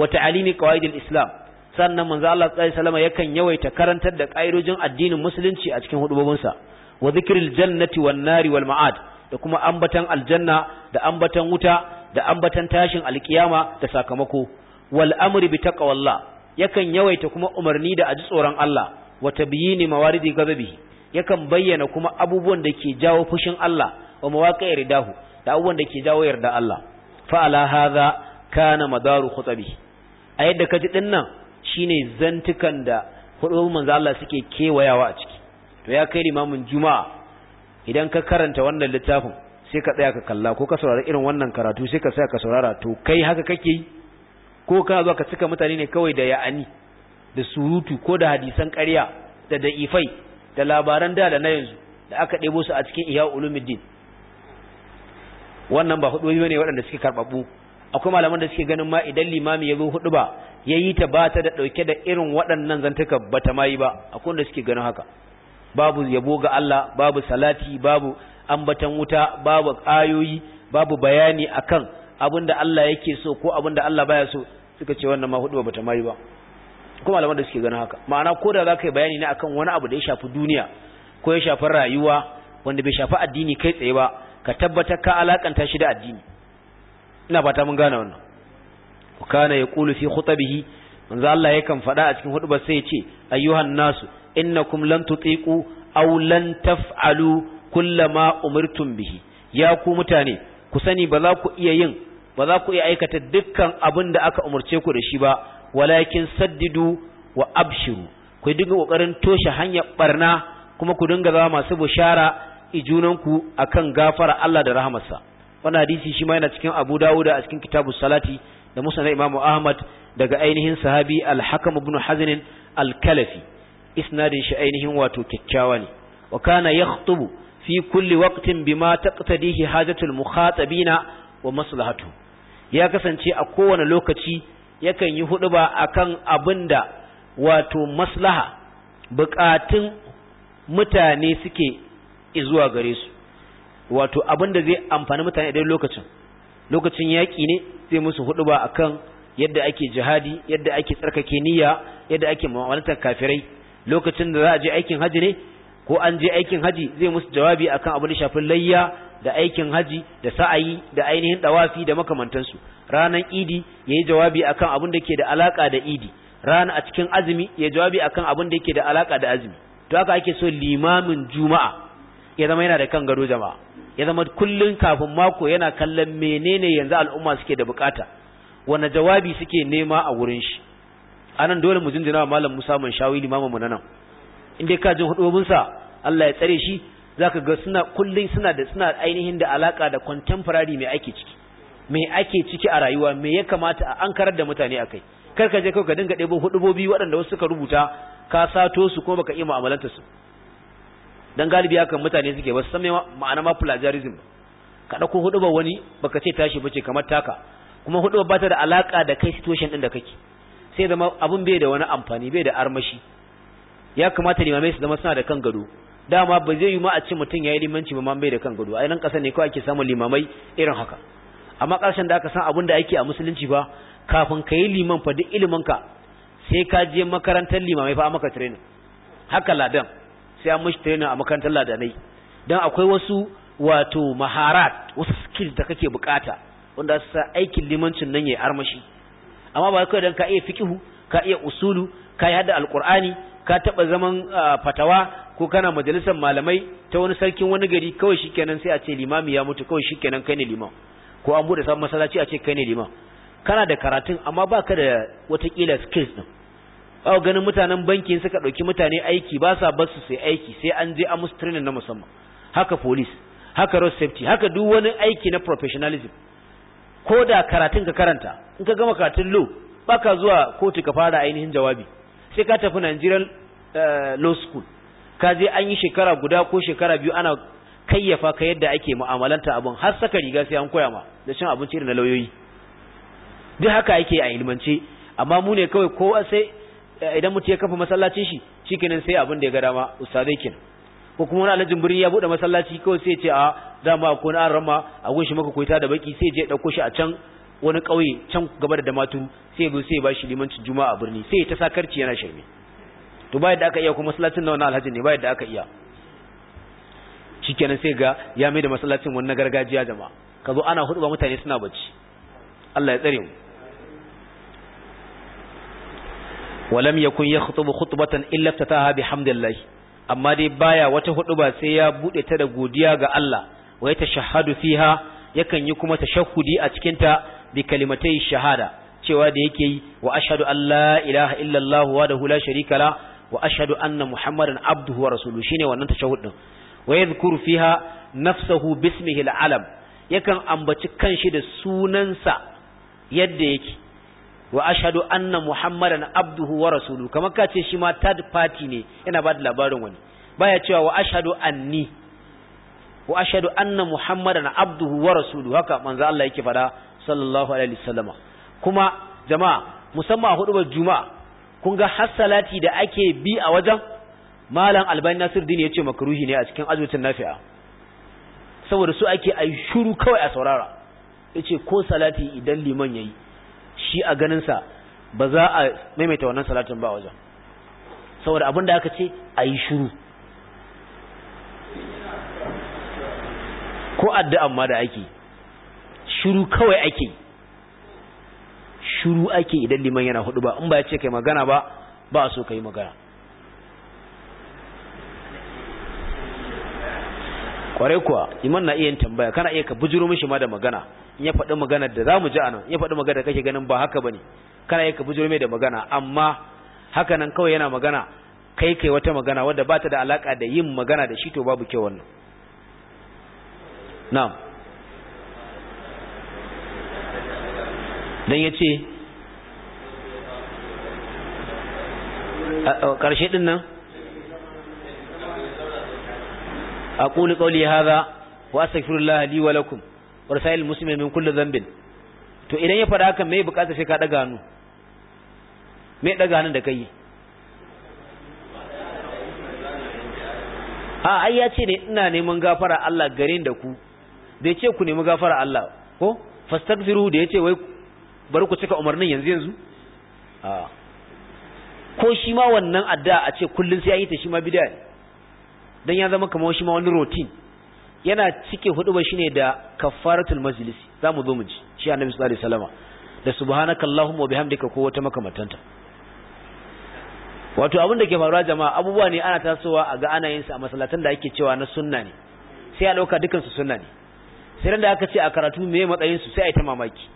wa ta'alimi qawaidil islam sannan manzo Allah sallallahu alaihi yakan yawaita karantar da kaidojin addinin musulunci a cikin sa wa dhikril jannati wan nari wal ma'ad da kuma ambatan aljanna da ambatan wuta da ambatan tashin alkiyama da sakamako wal amri bi taqwallah yakan yawaita kuma umarni da aji tsoron Allah wa tabyini mawaridi ghadabihi yakan bayyana kuma abubuwan da ke jawo fushin Allah wa mawaqi'i ridahu da abubuwan da ke jawo yarda Allah fa ala hadha kana madaru khutabi a yadda ka ji shi shine zantukan da hudu manzo Allah suke kewayawa a ciki to ya kai limamin juma'a idan ka karanta wannan littafin sai ka tsaya ka kalla ko ka saurara irin wannan karatu sai ka tsaya ka saurara to kai haka kake yi ko ka zo ka cika mutane ne kawai da ya'ani da surutu ko da hadisan ƙarya da da'ifai da labaran da da na yanzu da aka ɗebo su a cikin iya ulumuddin wannan ba hudu ne waɗanda suke karɓaɓu akwai malaman da suke ganin ma idan limami ya zo hudu ba ya yi ta bata da ɗauke da irin waɗannan zantuka ba ta mayi ba akwai wanda suke ganin haka babu yabo ga Allah babu salati babu ambatan wuta babu ayoyi babu bayani akan abin da Allah yake so ko abin da Allah baya so suka ce wannan ma hudu ba ta mayi ba Akwai malaman da suke ganin haka ma'ana ko da za ka yi bayani ne akan wani abu da ya shafi duniya ko ya shafi rayuwa wanda bai shafi addini kai tsaye ba ka tabbatar ka alakanta shi da addini ina fata mun gane wannan kana yaqulu fi khutbihi manzo Allah yakan faɗa a cikin hudubar sai ya ce ayyuhan nasu innakum lan tutiqu aw lan taf'alu kullama umirtum bihi ya ku mutane ku sani ba za ku iya yin ba za ku iya aikata dukkan abin da aka umarce ku da shi ba walakin saddidu wa abshiru ku dinga kokarin toshe hanyar barna kuma ku dinga zama masu bushara ijunanku akan gafara Allah da rahamarsa wannan hadisi shi ma yana cikin Abu Dawud a cikin Kitabu Salati da Musnad Imam Ahmad daga ainihin sahabi Al-Hakam ibn hazinin Al-Kalafi isnadin shi ainihin wato kyakkyawa ne wa kana yakhtubu fi kulli waqtin bima taqtadihi hajatul mukhatabina wa maslahatu ya kasance a kowane lokaci yakan yi huduba akan abinda wato maslaha bukatun mutane suke zuwa gare su wato abin da zai amfani mutane idan lokacin lokacin yaƙi ne zai musu ba a kan yadda ake jihadi yadda ake tsarkake niyya yadda ake mu'amalantar kafirai lokacin da za a je aikin haji ne ko an je aikin haji zai musu jawabi a kan abin da shafin layya da aikin haji da sa'ayi da ainihin dawafi da makamantansu ranan idi yayi jawabi akan abin da ke da alaka da idi rana a cikin azumi ya jawabi akan abin da yake da alaka da azumi to haka ake so limamin juma'a ya zama yana da kan gado jama'a ya zama kullun kafin mako yana kallon menene yanzu al'umma suke da bukata wani jawabi suke nema a wurin shi anan dole mu jinjina wa malam Musa man shawi limamin mu nan in dai ka ji hudubin sa Allah ya tsare shi zaka ga suna kullun suna da suna ainihin da alaka da contemporary mai ake ciki mai ake ciki a rayuwa me ya kamata a ankarar da mutane akai kar ka je kai ka dinga ɗebo hudubobi waɗanda wasu suka rubuta ka sato su kuma baka iya mu'amalantar su dan galibi hakan mutane suke ba san ma'ana ma plagiarism ka dauko hudubar wani baka ce tashi bace kamar taka kuma hudubar bata da alaka da kai situation din da kake sai zama abun bai da wani amfani bai da armashi ya kamata limamai su zama suna da kan gado dama ba zai yi ma a ce mutum ya yi limanci ba ma bai da kan gado a nan ƙasa ne kawai ake samun limamai irin haka amma karshen da aka san abun da ake a musulunci ba kafin ka yi liman fa duk ilimin ka sai ka je makarantar limamai fa maka training haka ladan sai an mishi training a makarantar ladanai dan akwai wasu wato maharat wasu skills da kake bukata wanda su sa aikin limancin nan yayi armashi amma ba kai dan ka iya fiqhu ka iya usulu ka yi hada alqur'ani ka taba zaman fatawa ko kana majalisar malamai ta wani sarkin wani gari kawai shikenan sai a ce limami ya mutu kawai shikenan kai ne limam ko an bude sabon masallaci a ce kai ne limam kana da karatun amma baka da watakila skills din ba ganin mutanen bankin suka ɗauki mutane aiki ba sa basu sai aiki sai an je a musu training na musamman haka police haka road safety haka duk wani aiki na professionalism ko da karatun ka karanta in ka gama karatun law baka zuwa kotu ka fara ainihin jawabi sai ka tafi Nigerian eh, law school ka je an yi shekara guda ko shekara biyu ana kayyafa ka yadda ake mu'amalanta abun har saka riga sai an koya ma da cin abinci irin na lauyoyi duk haka yake a ilmance amma mu ne kawai ko sai idan mutum ya kafa masallacin shi shikenan sai abin da ya ga dama ustadai kenan ko kuma wani alhaji birni ya bude masallaci kawai sai ya ce a dama ko na arama a gunshi maka koita da baki sai ya je dauko shi a can wani kauye can gaba da damatu sai ya zo sai ya bashi limancin juma'a a birni sai ya ta sakarci yana shirme to bayan da aka iya kuma masallacin na wannan alhaji ne bayan da aka iya shikenan sai ga ya mai da masallacin wannan gargajiya jama'a ka zo ana hudu ba mutane suna bacci Allah ya tsare mu walam yakun yakhutubu khutbatan illa tataha bihamdillah amma dai baya wata huduba sai ya buɗe ta da godiya ga Allah wa tashahhadu fiha yakan yi kuma tashahhudi a cikin ta bi kalimatai shahada cewa da yake yi wa ashhadu an la ilaha illa Allah wahdahu la sharika la wa ashhadu anna muhammadan abduhu wa rasuluhu shine wannan tashahhud din wa yadhkuru fiha nafsahu bismihi al-alam yakan ambaci kanshi da sunansa yadda yake wa ashhadu anna muhammadan abduhu wa rasuluhu kamar ka ce shi ma third party ne yana ba da labarin wani baya cewa wa ashhadu anni wa ashhadu anna muhammadan abduhu wa rasuluhu haka manzo Allah yake fada sallallahu alaihi wasallama kuma jama'a musamman a hudubar juma'a kun ga hassalati da ake bi a wajen malam albani nasiruddin ya ce makruhi ne a cikin azumin nafi'a saboda su ake ayi shuru kawai a saurara yace ko salati idan liman yayi shi a sa ba za a maimaita wannan salatin ba wajen saboda abin da aka ce a yi shuru ko addu'an ma da ake shiru kawai ake shuru ake idan liman yana hudu ba in ba ya ce kai magana ba ba a so kai magana kwarai kuwa iman na iya tambaya kana iya ka bujiro mishi ma da magana in ya faɗi maganar da za mu ji anan ya faɗi maganar kake ganin ba haka bane kana yi ka bujiro mai da magana amma haka nan kawai yana magana kai kai wata magana wadda ba ta da alaka da yin magana da shi to babu ke wannan na'am dan yace karshe din nan aqulu qawli hadha wa astaghfirullah li wa lakum warsail muslimi min kulli dhanbin to idan ya fada haka me bukata sai ka daga hannu me daga hannun da kai a ai ya ce ne ina neman gafara Allah gare da ku da ce ku nemi gafara Allah ko fastagfiru da yace wai bari ku cika umarnin yanzu yanzu a ko shi ma wannan addu'a a ce kullun sai yi ta shi ma bid'a ne dan ya zama kamar shi ma wani routine yana cike hudu ba shine da kafaratul majlis mu zo mu ji shi annabi sallallahu alaihi wasallama da subhanakallahumma wa bihamdika ko wata makamantanta wato abin da ke faruwa jama'a abubuwa ne ana tasowa a ga ana yin sa a masallatan da ake cewa na sunna ne sai a dauka dukan su sunna ne sai ran da aka ce a karatu me matsayin su sai a yi ta mamaki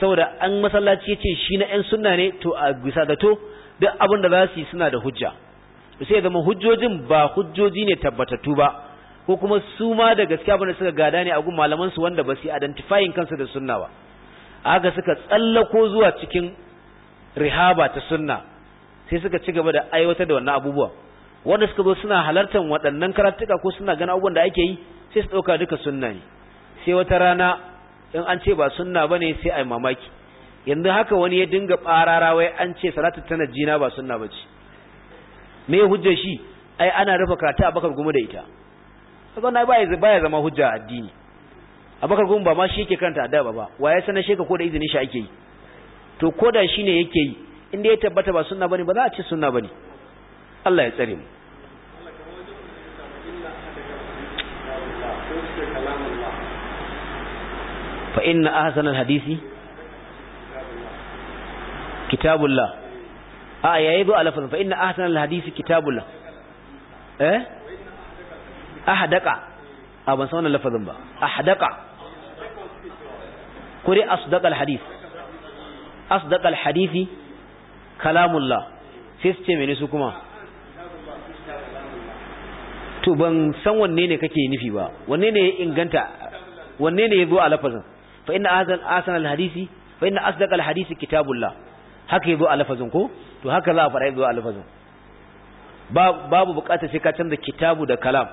saboda an masallaci ya ce shi na yan sunna ne to a bisa da to duk abin da za su yi suna da hujja sai zama hujjojin ba hujjoji ne tabbatattu ba ko kuma su ma da gaskiya bane suka gada ne a gun malaman su wanda ba su identifying kansu da sunna ba aka suka tsallako zuwa cikin rihaba ta sunna sai suka ci gaba da aiwatar da wannan abubuwa wanda suka zo suna halartar waɗannan karatuka ko suna ganin abubuwan da ake yi sai su ɗauka duka sunna ne sai wata rana in an ce ba sunna ba ne sai a mamaki yanzu haka wani ya dinga ɓarara wai an ce salatu tana jina ba sunna ba ce me hujjar shi ai ana rufe karatu a bakar gumu da ita zauna baya baya zama hujja addini abakar gun ba ma shi yake karanta adaba ba wa ya sheka ko da izinin shi ake yi to ko da shine yake yi inda ya tabbata ba sunna bane ba za a ce sunna bane Allah ya tsare mu fa inna ahsanal hadisi kitabullah a yayi zo alafin fa inna ahsanal hadisi kitabullah eh ahdaka a ah, ban san wannan lafazin ba ahdaka kuri asdaqal hadith asdaqal hadithi kalamullah sai su ce mene su kuma to ban san wanne ne kake nufi ba wanne ne ya inganta wanne ne ya zo a lafazin fa inna azan asanal hadithi fa inna asdaqal alhadisi kitabullah haka yazo a lafazin ko to haka za a fara yazo a lafazin babu bukatar sai ka canza kitabu da kalam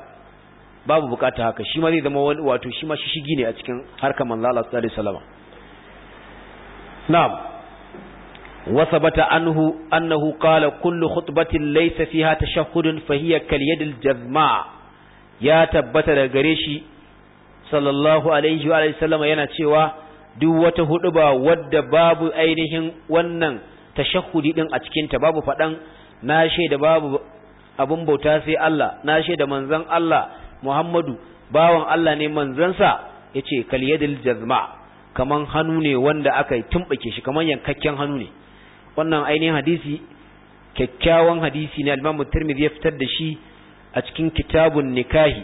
babu bukata haka shi ma zai zama wani wato shi ma shishigi ne a cikin harkar manzo Allah sallallahu alaihi wasallam na'am wa sabata anhu annahu qala kullu khutbatin laysa fiha tashahhud fa hiya kal yadil jazma ya tabbata da gare shi sallallahu alaihi wa sallam yana cewa duk wata huduba wadda babu ainihin wannan tashahhudi din a cikin ta babu fadan na shaida babu abun bauta sai Allah na shaida manzon Allah Muhammadu bawan Allah ne manzansa ya ce kaliyadil jazma kaman hannu ne wanda aka tumbake shi kaman yankakken hannu ne wannan ainihin hadisi kyakkyawan hadisi ne al-Imam ya fitar da shi a cikin kitabun nikahi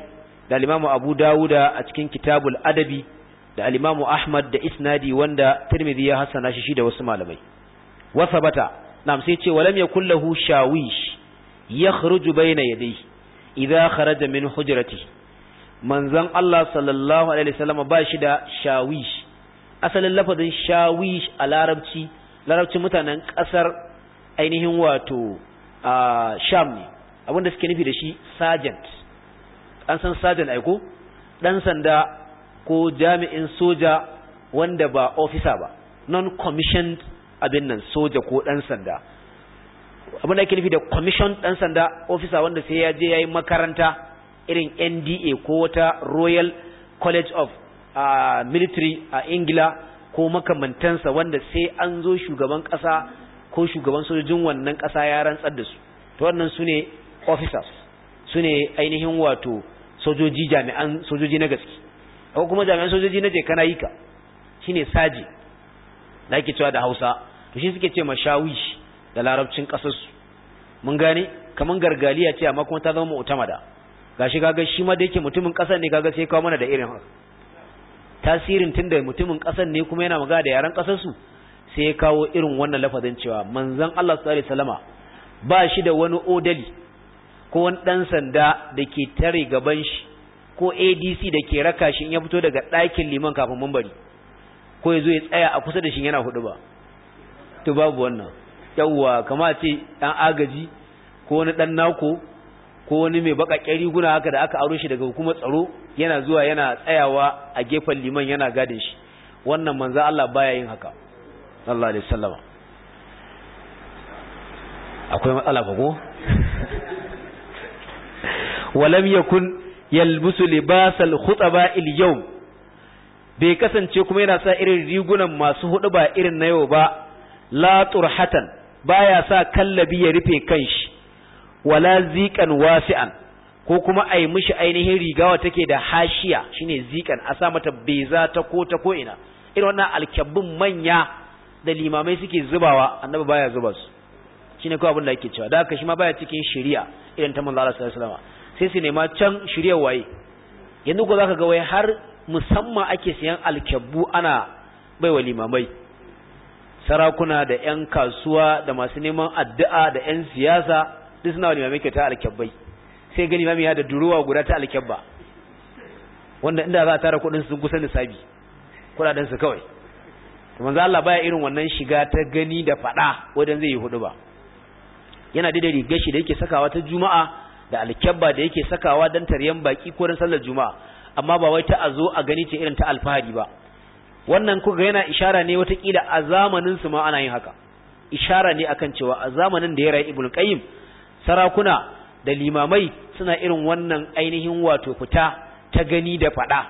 da al Abu Dawuda a cikin kitabul adabi da al Ahmad da isnadi wanda Tirmidhi ya hasana shi da wasu malamai wasabata sabata nam sai ce walam yakul lahu shawish yakhruju bayna yadayhi idza kharaja min hujrati manzon Allah sallallahu alaihi wasallam ba shi da shawish asalin lafazin shawish a larabci larabcin mutanen kasar ainihin wato a sham ne abinda suke nufi da shi sergeant an san sergeant aiko dan sanda ko jami'in soja wanda ba officer ba non commissioned abin nan soja ko dan sanda abin da ake nufi da commission dan sanda officer wanda sai ya je yayi makaranta irin NDA ko wata Royal College of uh, Military a Ingila ko makamantansa wanda sai an zo shugaban kasa ko shugaban sojojin wannan kasa ya rantsar da su to wannan su ne officers su ne ainihin wato sojoji jami'an sojoji na gaske ko kuma jami'an sojoji na jeka na yi ka shine saji da ake cewa da Hausa to shi suke ce shawishi da larabcin ƙasarsu mun gane kamar gargaliya ce amma kuma ta zama mu'tamada gashi kaga shi ma da yake mutumin ƙasar ne kaga sai kawo mana da irin haka tasirin tunda mutumin ƙasar ne kuma yana magana da yaran ƙasarsu sai ya kawo irin wannan lafazin cewa manzon Allah sallallahu alaihi wasallama ba shi da wani odali ko wani dan sanda da ke tare gaban shi ko ADC da ke raka shi ya fito daga ɗakin liman kafin mun bari, ko ya zo ya tsaya a kusa da shi yana hudu ba to babu wannan yawwa kama ce ɗan agaji ko wani ɗan nako ko wani mai baka ƙyari riguna haka da aka aro shi daga hukumar tsaro yana zuwa yana tsayawa a gefen liman yana gadin shi wannan manzo Allah baya yin haka Allah alaihi sallama akwai matsala ba ko walam yakun yalbusu libasal khutaba il yawm bai kasance kuma yana sa irin rigunan masu hudu ba irin na yau ba la turhatan baya sa kallabi ya rufe kanshi wala zikan wasi'an ko kuma ai mishi ainihin rigawa take da hashiya shine zikan a sa mata beza ta ko ta ko ina irin wannan alkabbun manya da limamai suke zubawa annabi baya zuba su shine kawai abin da yake cewa da haka shi ma baya cikin shari'a irin ta manzo Allah sallallahu alaihi wasallam sai su nema can shari'a waye yanzu ko zaka ga wai har musamman ake siyan alkyabbu ana baiwa limamai sarakuna da ƴan kasuwa da masu neman addu'a da ƴan siyasa duk suna limamai ta alkyabbai sai gani mami ya da durowa guda ta alkyabba wanda inda za a tara kuɗin sun kusa nisabi kuɗaɗen su kawai kuma za Allah baya irin wannan shiga ta gani da faɗa wajen zai yi hudu ba yana da rigar shi da yake sakawa ta juma'a da alkyabba da yake sakawa dan taryan baki ko dan sallar juma'a amma ba wai ta zo a gani ce irin ta alfahari ba wannan kuga yana ishara ne wata kila a zamanin su ma ana yin haka ishara ne akan cewa a zamanin da ya rai ibnu qayyim sarakuna da limamai suna irin wannan ainihin wato fita ta gani da fada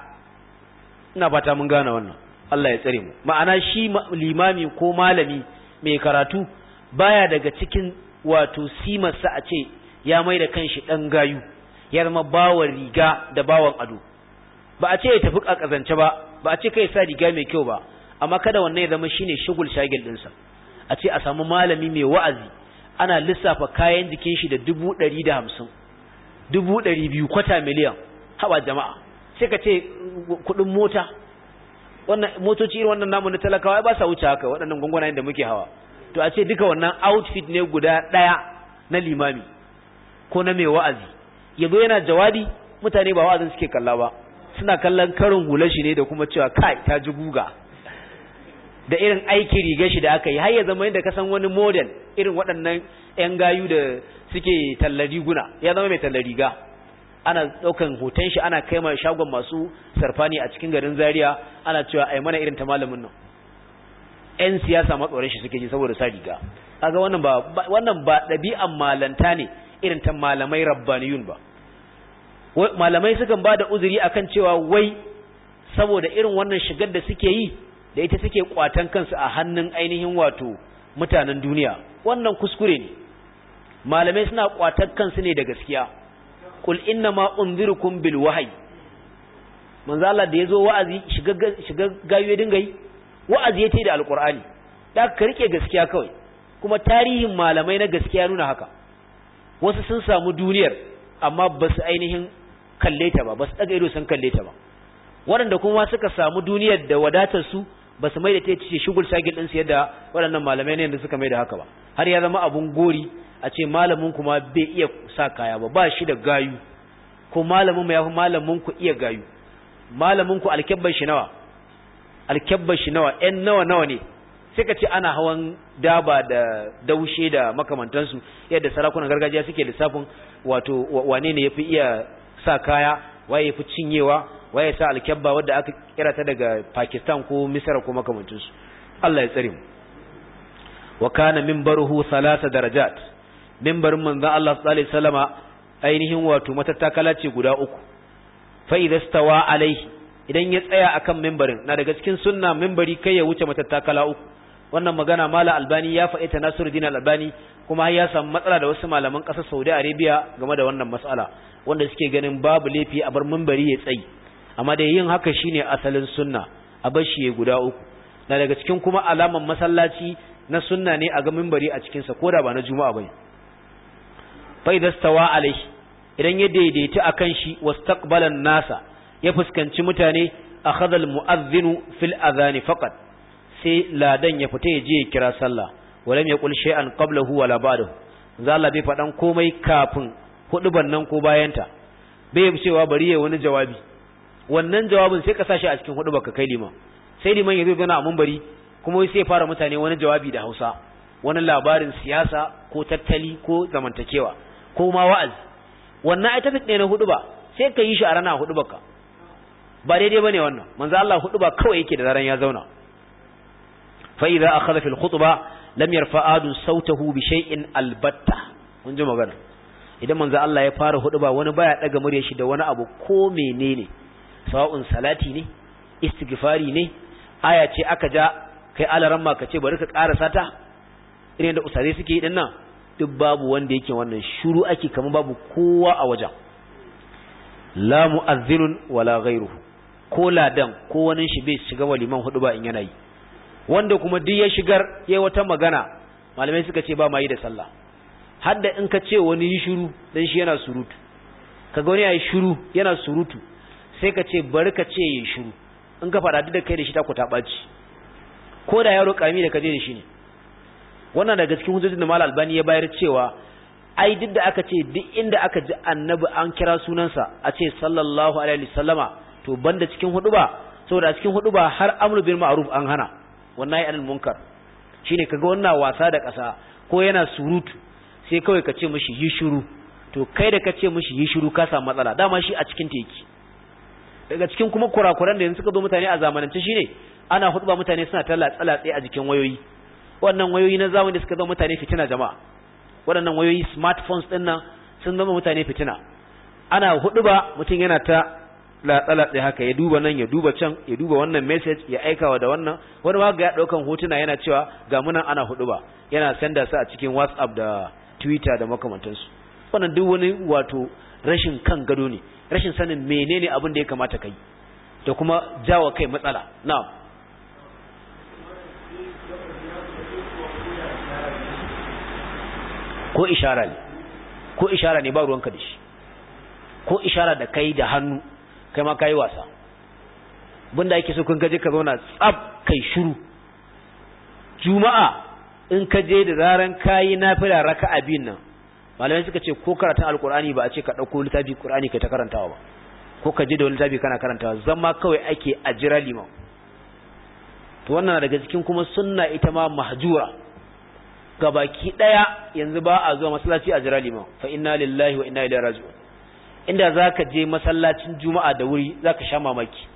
ina fata mun gane wannan Allah ya tsare mu ma'ana shi limami ko malami mai karatu baya daga cikin wato simarsa a ce ya mai da kanshi dan gayu ya zama bawon riga da bawon ado ba a ce ya tafi a kazance ba ba a ce kai sa riga mai kyau ba amma kada wannan ya zama shine shugul shagil dinsa a ce a samu malami mai wa'azi ana lissafa kayan jikin shi da dubu ɗari da hamsin dubu ɗari biyu kwata miliyan haɓa jama'a sai ka ce kuɗin mota wannan motoci irin wannan namu na talakawa ba sa wuce haka waɗannan gwangwanayen da muke hawa to a ce duka wannan outfit ne guda ɗaya na limami ko na mai wa'azi yanzu yana jawabi mutane ba wa'azin suke kalla ba suna kallon karin hular shi ne da kuma cewa kai ta ji guga da irin aiki rigar shi da aka yi har ya zama yadda ka san wani model irin waɗannan yan gayu da suke tallar riguna ya zama mai tallar riga ana ɗaukan hoton shi ana kai ma shagon masu sarfani a cikin garin zaria ana cewa ai mana irin ta malamin nan yan siyasa matsoron shi suke ji saboda sa riga kaga wannan ba wannan ba ɗabi'an malanta ne irin ta malamai rabbaniyun ba malamai sukan ba da uzuri a kan cewa wai saboda irin wannan shigar da suke yi da ita suke kwatan kansu a hannun ainihin wato mutanen duniya wannan kuskure ne malamai suna kwatan kansu ne da gaskiya kul inna ma unzirukum bil wahyi manzo Allah da yazo wa'azi shiga shiga dinga yi wa'azi yace da alqur'ani da ka rike gaskiya kawai kuma tarihin malamai na gaskiya nuna haka wasu sun samu duniyar amma ba su ainihin kalle ta ba ba su daga ido sun kalle ta ba waɗanda kuma suka samu duniyar da wadatar su ba su mai da ta ce shugul din ɗinsu yadda waɗannan malamai ne da suka mai da haka ba har ya zama abun gori a ce malamin kuma bai iya sa kaya ba ba shi da gayu ko malamin mu ya fi malamin ku iya gayu malamin ku shi nawa alkebban shi nawa ɗan nawa nawa ne sai ka ce ana hawan daba da daushe da makamantansu yadda sarakunan gargajiya suke lissafin wato wane ne ya fi iya sa kaya waye fi cinyewa waye sa alkyabba wadda aka kira ta daga Pakistan ko Misra ko makamantin su Allah ya tsare mu wa kana minbaruhu thalatha darajat minbarin manzo Allah sallallahu alaihi wasallama ainihin wato matattakala ce guda uku fa idza stawa alaihi idan ya tsaya akan minbarin na daga cikin sunna minbari kai ya wuce matattakala uku wannan magana mala albani ya faɗi ta nasiruddin albani kuma ya samu matsala da wasu malaman ƙasar saudi arabia game da wannan matsala wanda suke ganin babu laifi a bar mimbari ya tsayi amma da yin haka shine asalin sunna a bar shi guda uku na daga cikin kuma alaman masallaci na sunna ne a ga mimbari a cikin sa koda ba na juma'a bane fa stawa alai idan ya daidaita akan shi wastaqbalan nasa ya fuskanci mutane akhadha almu'adhdhin fil adhan faqat sai ladan ya fita ya je ya kira sallah walam yaqul shay'an qablahu wala ba'dahu zalla bai faɗan komai kafin huduban nan ko bayanta bai cewa bari yayi wani jawabi wannan jawabin sai ka sa shi a cikin hudubar ka kai liman sai liman ya zo gana a bari kuma sai fara mutane wani jawabi da Hausa wani labarin siyasa ko tattali ko zamantakewa ko ma wa'azi wannan ai tafi ne na huduba sai ka yi shi a rana hudubar ka ba daidai bane wannan manzo Allah huduba kawai yake da zaran ya zauna fa idza akhadha fil khutba lam yarfa adu sautahu bi shay'in albatta kun ji magana idan manzo Allah ya fara huduba wani baya daga murya shi da wani abu ko menene sawa'un salati ne istighfari ne aya ce aka ja kai alaran ma kace bari ka karasa ta irin da usare suke yi nan duk babu wanda yake wannan shiru ake kamar babu kowa a wajen la mu'azzinun wala ghayruhu ko ladan ko wani shi bai shiga waliman ba in yana yi wanda kuma duk ya shigar yayi wata magana malamai suka ce ba mai yi da sallah hadda in ka ce wani yi shiru dan shi yana surutu kaga wani yayi shiru yana surutu sai ka ce bari ka ce yi shiru in ka fara da kai da shi ta ku ta baci ko da yaro kami da ka je da shi ne wannan daga cikin hujjojin da mal Albani ya bayar cewa ai duk da aka ce duk inda aka ji annabi an kira sunansa a ce sallallahu alaihi wasallama to banda cikin hudu ba saboda a cikin hudu ba har amru bil ma'ruf an hana wannan ya munkar shine kaga wannan wasa da kasa ko yana surutu sai kawai ka ce mishi yi shiru to kai da ka ce mishi yi shiru ka samu matsala dama shi a cikin teki daga cikin kuma kurakuran da yanzu suka zo mutane a zamanance shine ana hutba mutane suna talla tsala a jikin wayoyi waɗannan wayoyi na zamani suka zo mutane fitina jama'a waɗannan wayoyi smartphones din nan sun zama mutane fitina ana hutba mutum yana ta la tsala tsaye haka ya duba nan ya duba can ya duba wannan message ya aikawa da wannan wani ma ga ya ɗaukan hotuna yana cewa ga munan ana huduba yana sanda su a cikin whatsapp da twitter da makamantansu wannan duk wani wato rashin kan gado ne rashin sanin menene abin da ya kamata kai da kuma jawa kai matsala na'am ko ishara ne ko ishara ne ba ruwanka da shi ko ishara da kai da hannu kai ma kai wasa bunda yake so kun gaje ka zauna tsab kai shiru juma'a in ka je da zaran kayi da raka biyun nan malamai suka ce ko karatun alkur'ani ba a ce ka ɗauko littafi ƙur'ani kai ta karantawa ba ko ka je da wani littafi kana karantawa zama kawai ake a jira liman to wannan daga cikin kuma sunna ita ma mahjura baki ɗaya yanzu ba a zuwa masallaci a jira liman fa inna lillahi wa inna ilaihi raji'un inda zaka je masallacin juma'a da wuri zaka sha mamaki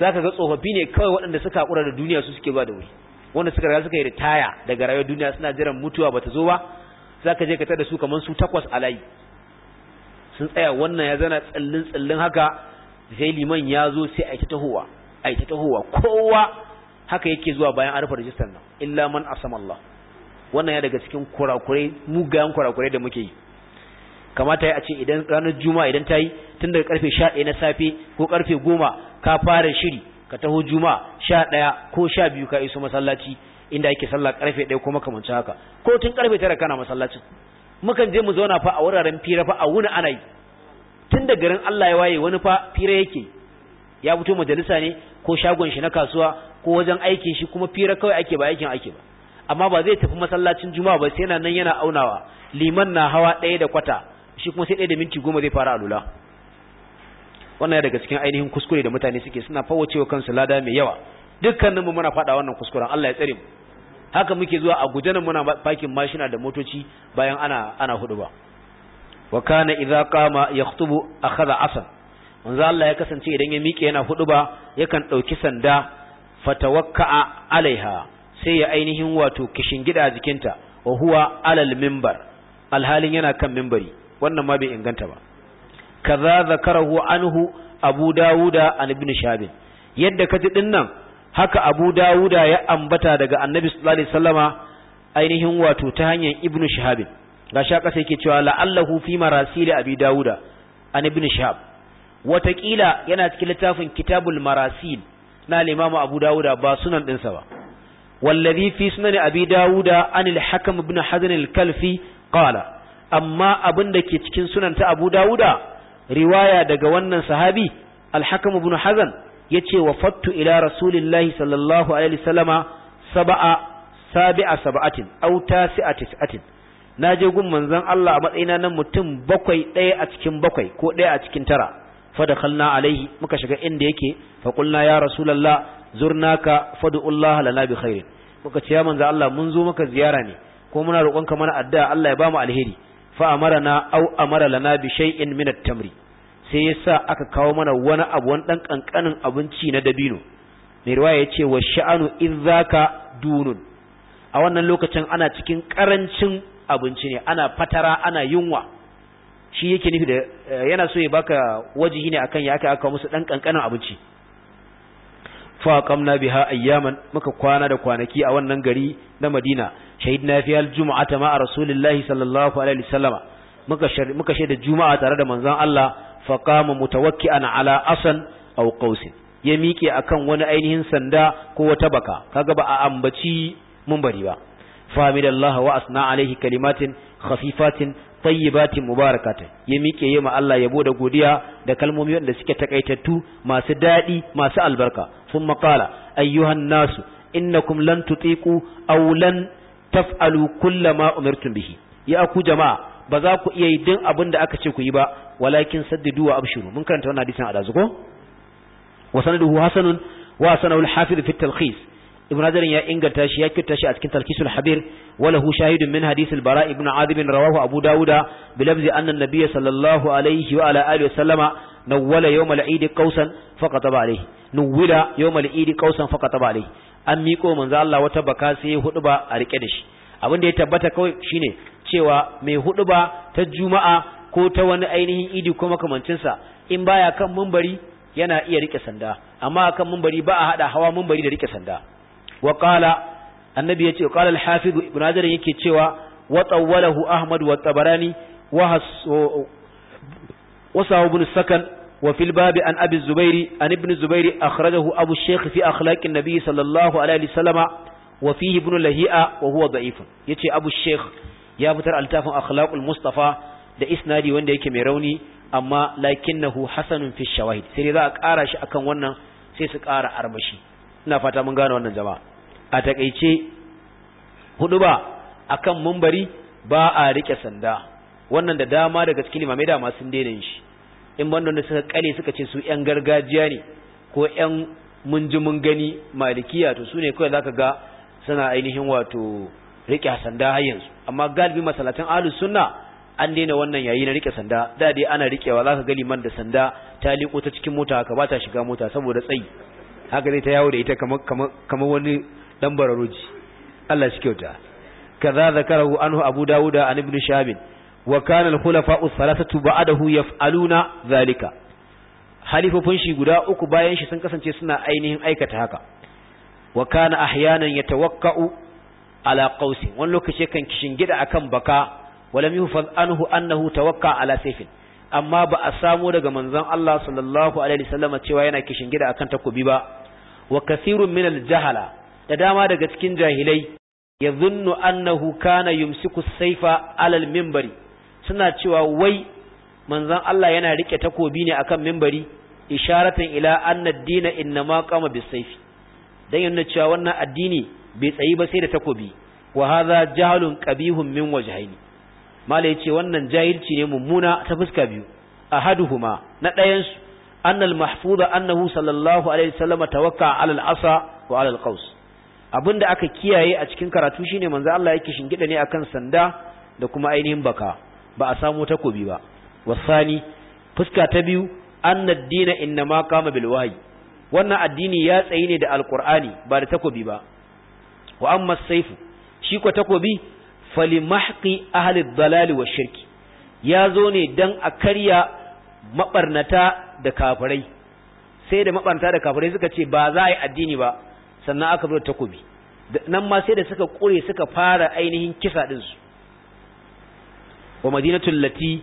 zaka ga tsofaffi ne kawai waɗanda suka hakura da duniya su suke bada da wuri wanda suka riga suka yi ritaya daga rayuwar duniya suna jiran mutuwa bata zo ba zaka je ka tada su kaman su takwas a layi sun tsaya wannan ya zana tsallin tsallin haka sai liman ya zo sai a ta tahowa a ta tahowa kowa haka yake zuwa bayan arfa rijistar nan illa man asama Allah wannan ya daga cikin kurakurai mugayen kurakurai da muke yi kamata ya ce idan ranar juma'a idan ta yi tun daga karfe 11 na safe ko karfe 10 ka fara shiri ka taho juma'a sha ɗaya ko sha biyu ka iso masallaci inda ake sallah karfe ɗaya ko makamanci haka ko tun karfe tara kana masallacin mukan je mu zauna fa a wuraren fira fa a wuni ana yi tun da garin Allah ya waye wani fa fira yake ya fito majalisa ne ko shagon shi na kasuwa ko wajen aikin shi kuma fira kawai ake ba aikin ake ba amma ba zai tafi masallacin juma'a ba sai yana nan yana aunawa liman na hawa ɗaya da kwata shi kuma sai ɗaya da minti goma zai fara alula wannan daga cikin ainihin kuskure da mutane suke suna fawacewa kansu lada mai yawa mu muna faɗa wannan kuskuren Allah ya tsare mu haka muke zuwa a guje nan muna fakin mashina da motoci bayan ana ana hudu ba wa kana idza qama yakhutubu akhadha asan manzo Allah ya kasance idan ya miƙe yana hudu ba yakan dauki sanda fatawakka'a alaiha sai ya ainihin wato kishin gida jikinta wa huwa alal minbar alhalin yana kan minbari wannan ma bai inganta ba kaza zakarahu anhu abu dawuda an ibn shabin yadda kaji dinnan haka abu dawuda ya ambata daga annabi sallallahu alaihi wasallama ainihin wato ta hanyar ibn shahabin gashi aka sai ke cewa la'allahu fi marasil abi dawuda an ibn shahab watakila yana ciki littafin kitabul marasil na limamu abu dawuda ba sunan dinsa ba wallazi fi sunan abi dawuda an al-hakam ibn hazan al-kalfi amma abin da ke cikin sunan ta abu dawuda riwaya daga wannan sahabi al Hassan ibn hazan yace fattu ila rasulillahi sallallahu alaihi wasallama sab'a sabi'a sab'atin aw tasi'a tis'atin naje gun manzon Allah a matsayina nan mutum bakwai ɗaya a cikin bakwai ko ɗaya a cikin tara fadakhalna alaihi muka shiga inda yake fa qulna ya rasulullah zurnaka fad'ullah lana bi khairin muka ce ya manzo Allah mun zo maka ziyara ne ko muna roƙonka mana addu'a Allah ya bamu alheri fa na au amaralana lana bi shay'in min tamri sai yasa aka kawo mana wani abu wani dan kankanin abinci na dabino mai ya ce wa sha'anu idzaka dunun a wannan lokacin ana cikin karancin abinci ne ana fatara ana yunwa shi yake nufi da eh, yana so ya baka wajihi ne akan ya aka aka musu dan kankanin abinci fa kamna biha ayyaman muka kwana da kwanaki a wannan gari na Madina na fi Juma'a jumata ma rasulillahi sallallahu alaihi wasallama muka shaida juma'a tare da manzon Allah fa qama mutawakki'an ala asan aw qausin ya miƙe akan wani ainihin sanda ko wata baka kaga ba a ambaci bari ba fahimidallahi wa asna alaihi kalimatin khafifatin tayyibatin mubarakatin ya miƙe yi ma Allah yabo da godiya da kalmomi wanda suke takaitattu masu daɗi masu albarka sun maƙala ayyuhan nasu innakum lan tutiqu aw lan taf'alu kullama umirtum bihi ya aku jama'a ba za ku iya yi din abin da aka ce ku yi ba walakin saddidu wa abshiru mun karanta wannan hadisin a dazu ko wa sanaduhu hasanun wa sanahu al-hafiz fi talkhis ibn hajar ya inganta shi ya kitta shi a cikin talkisul habir walahu shahidun min hadith al-bara ibn adib rawahu abu dauda bi lafzi anna an-nabiy sallallahu alayhi wa ala alihi wa sallama nawwala yawm al-eid qausan faqataba alayhi nuwila yawm al-eid qausan faqataba alayhi an miƙo manzo Allah wata baka sai hudu ba a rike da shi abin da ya tabbata kawai shine cewa mai hudu ba ta juma'a ko ta wani ainihin idi ko sa in baya kan mumbari yana iya rike sanda amma kan mumbari ba a hada hawa mumbari da rike sanda wa qala annabi yace qala al-hafiz ibn hajar yake cewa wa tawwalahu ahmad wa tabarani wa wa ibn sakan وفي الباب عن أبي الزبير عن ابن الزبير أخرجه أبو الشيخ في أخلاق النبي صلى الله عليه وسلم وفيه ابن لهيئة وهو ضعيف يتي أبو الشيخ يا فتر ألتاف أخلاق المصطفى da isnadi wanda yake mai rauni amma lakinnahu hasanun fi shawahid sai za a ƙara shi akan wannan sai su ƙara armashi ina fata mun gane wannan jama'a a takaice hudu ba akan mumbari ba a rike sanda wannan da dama daga cikin limamai da ma sun daina shi in banda wanda suka kale suka ce su yan gargajiya ne ko yan mun ji mun gani malikiya to su ne kawai za ka ga suna ainihin wato rike sanda har yanzu amma galibi masalatan ahlus sunna an daina wannan yayi na rike sanda da dai ana rikewa ka ga liman da sanda ta liko ta cikin mota haka ba ta shiga mota saboda tsayi haka dai ta yawo da ita kamar kamar kamar wani dan bararoji Allah shi kyauta kaza zakarahu anhu abu dawuda an ibn shabin wa kana al-khulafa'u thalathatu ba'dahu yaf'aluna zalika halifofin shi guda uku bayan shi sun kasance suna ainihin aikata haka wa kana ahyanan yatawakka'u ala qausi wani lokaci kan kishingida akan baka walam yuhfaz anhu annahu tawakka ala sayfin amma ba a samu daga manzon Allah sallallahu alaihi wasallam cewa yana kishingida akan takubi ba wa kathirun min al-jahala da dama daga cikin jahilai yadhunnu annahu kana yumsiku sayfa ala mimbari. minbari suna cewa wai manzon Allah yana rike takobi ne akan mimbari isharatan ila anna ad-dina innama qama bis-sayfi dan yana cewa wannan addini bai tsayi ba sai da takobi wa hadha jahlun qabihun min wajhaini mala yace wannan jahilci ne mummuna ta fuska biyu ahaduhuma na ɗayan su annal mahfuza annahu sallallahu alaihi wasallam tawakka ala al-asa wa ala al-qaws abinda aka kiyaye a cikin karatu shine manzo Allah yake shingida ne akan sanda da kuma ainihin baka ba a samu takobi ba wasani fuska ta biyu annad dina inna ma kama bil wahyi wannan addini ya tsayi ne da alqur'ani ba da takobi ba wa amma saifu shi ko takobi mahqi ahli dalal wa shirki ya zo ne dan a karya mabarnata da kafirai sai da mabarnata da kafirai suka ce ba za a yi addini ba sannan aka zo takobi nan ma sai da suka kure suka fara ainihin kisa din su wa madinatul lati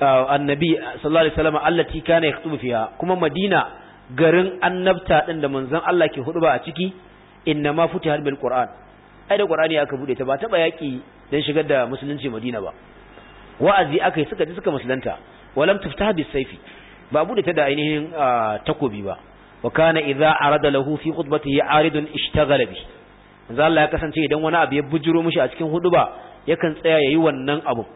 uh, annabi sallallahu alaihi wasallam allati kana yaktubu fiha kuma madina garin annabta din da manzon Allah ke hudu ba a ciki inna ma futihat bil qur'an ai da qur'ani aka bude ta ba taba yaki dan shigar da musulunci madina ba wa'azi aka yi suka ji suka musulunta walam tuftah bis sayfi ba bude ta da ainihin uh, takobi ba wa kana idza arada lahu fi khutbatihi aridun ishtaghala bi manzo Allah ya kasance idan wani abu ya bujuro mushi a cikin hudu ba yakan tsaya yayi wannan abu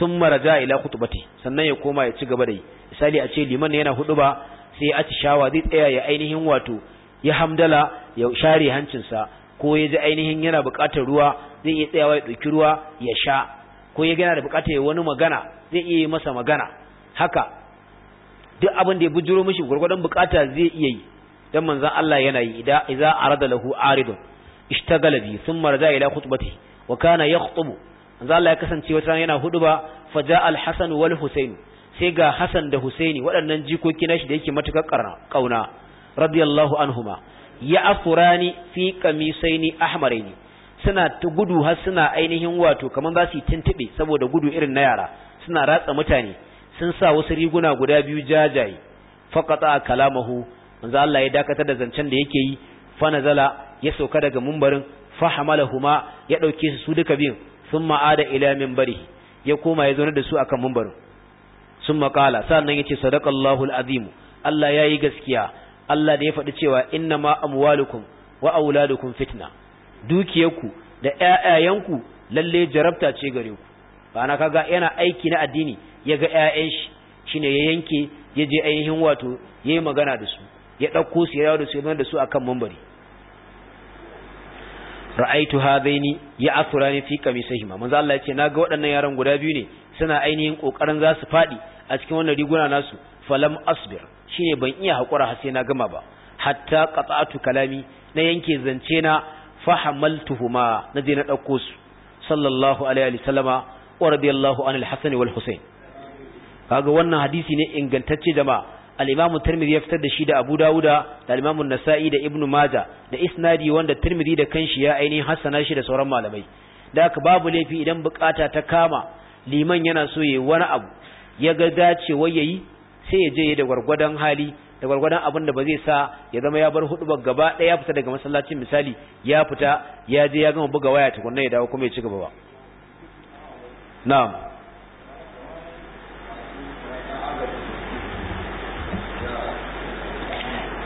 thumma raja ila khutbati sannan ya koma ya ci gaba da yi misali a ce liman yana ba sai ya shawa zai tsaya ya ainihin wato ya hamdala ya share hancinsa ko ya ji ainihin yana buƙatar ruwa zai iya tsayawa ya ɗauki ruwa ya sha ko ya gana da buƙatar ya wani magana zai iya yi masa magana haka duk abin da ya bujuro mishi gwargwadon buƙata zai iya yi dan manzon Allah yana yi idan idza arada lahu aridun ishtagala bi thumma raja ila khutbati wa kana yakhtubu manzo Allah ya kasance wata yana hudu ba faja al-hasan wal husain sai ga hasan da husaini waɗannan jikoki nashi da yake matukar kauna radiyallahu anhuma ya afurani fi qamisaini ahmaraini suna ta gudu har suna ainihin wato kamar za su yi saboda gudu irin na yara suna ratsa mutane sun sa wasu riguna guda biyu jajaye faqata kalamahu manzo Allah ya dakatar da zancen da yake yi fa nazala ya sauka daga mumbarin fa hamalahuma ya dauke su su duka biyu sun ma'ada ila bari. ya koma ya zaune da su akan mimbarin sun makala sannan ya ce sadakallahu al'azimu Allah ya yi gaskiya Allah da ya faɗi cewa inna ma amwalukum wa auladukum fitna dukiyarku da yayayanku lalle jarabta ce gare ku Ba na kaga yana aiki na addini ya ga ƴaƴan shi shine ya yanke ya je ainihin wato yayi magana da su ya ɗauko su ya dawo da su ya da su akan mambari ra'aitu hadaini ya'thurani fi qamisihima manzo Allah yace naga waɗannan yaran guda biyu ne suna ainihin kokarin za su fadi a cikin wannan riguna nasu falam asbir shine ban iya hakura har sai na gama ba hatta qata'tu kalami na yanke zance na fahamaltuhuma na je na dauko su sallallahu alaihi wa sallama wa radiyallahu anil hasan wal husain kaga wannan hadisi ne ingantacce jama'a al-Imam Tirmidhi ya fitar da shi da Abu Dawuda da al-Imam Nasa'i da Ibn Majah da isnadi wanda Tirmidhi da kanshi ya ainihin hassana shi da sauran malamai da haka babu laifi idan bukata ta kama liman yana so yayi wani abu ya ga dacewa yayi sai ya je da gwargwadon hali da gwargwadon abin da ba zai sa ya zama ya bar hudubar gaba ɗaya ya fita daga masallacin misali ya fita ya je ya gama buga waya tukunna ya dawo kuma ya ci gaba ba na'am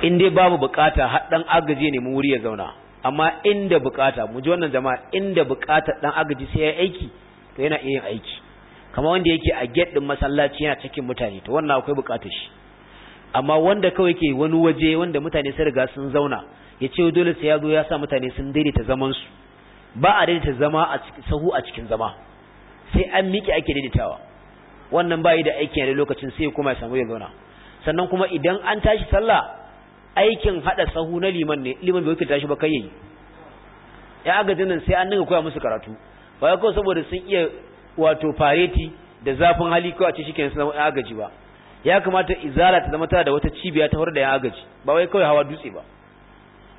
in dai babu bukata har dan agaji ne mu wuri ya zauna amma inda bukata mu ji wannan jama'a inda bukata dan agaji sai ya aiki to yana iya yin aiki kamar wanda yake a gate din masallaci yana cikin mutane to wannan akwai bukatar shi amma wanda kawai yake wani waje wanda mutane sun riga sun zauna ya ce dole sai ya zo ya sa mutane sun daidaita zaman su ba a daidaita zama a cikin sahu a cikin zama sai an miƙe ake daidaitawa wannan yi da aiki a lokacin sai kuma ya samu ya zauna sannan kuma idan an tashi sallah aikin hada sahu na liman ne liman bai wuce shi ba kai yayi ya agajin nan sai an dinga koya musu karatu ba ya saboda sun iya wato fareti da zafin hali kawai a ce shikenan sun ya agaji ba ya kamata izala ta zama tana da wata cibiya ta horar da yan agaji ba wai kawai hawa dutse ba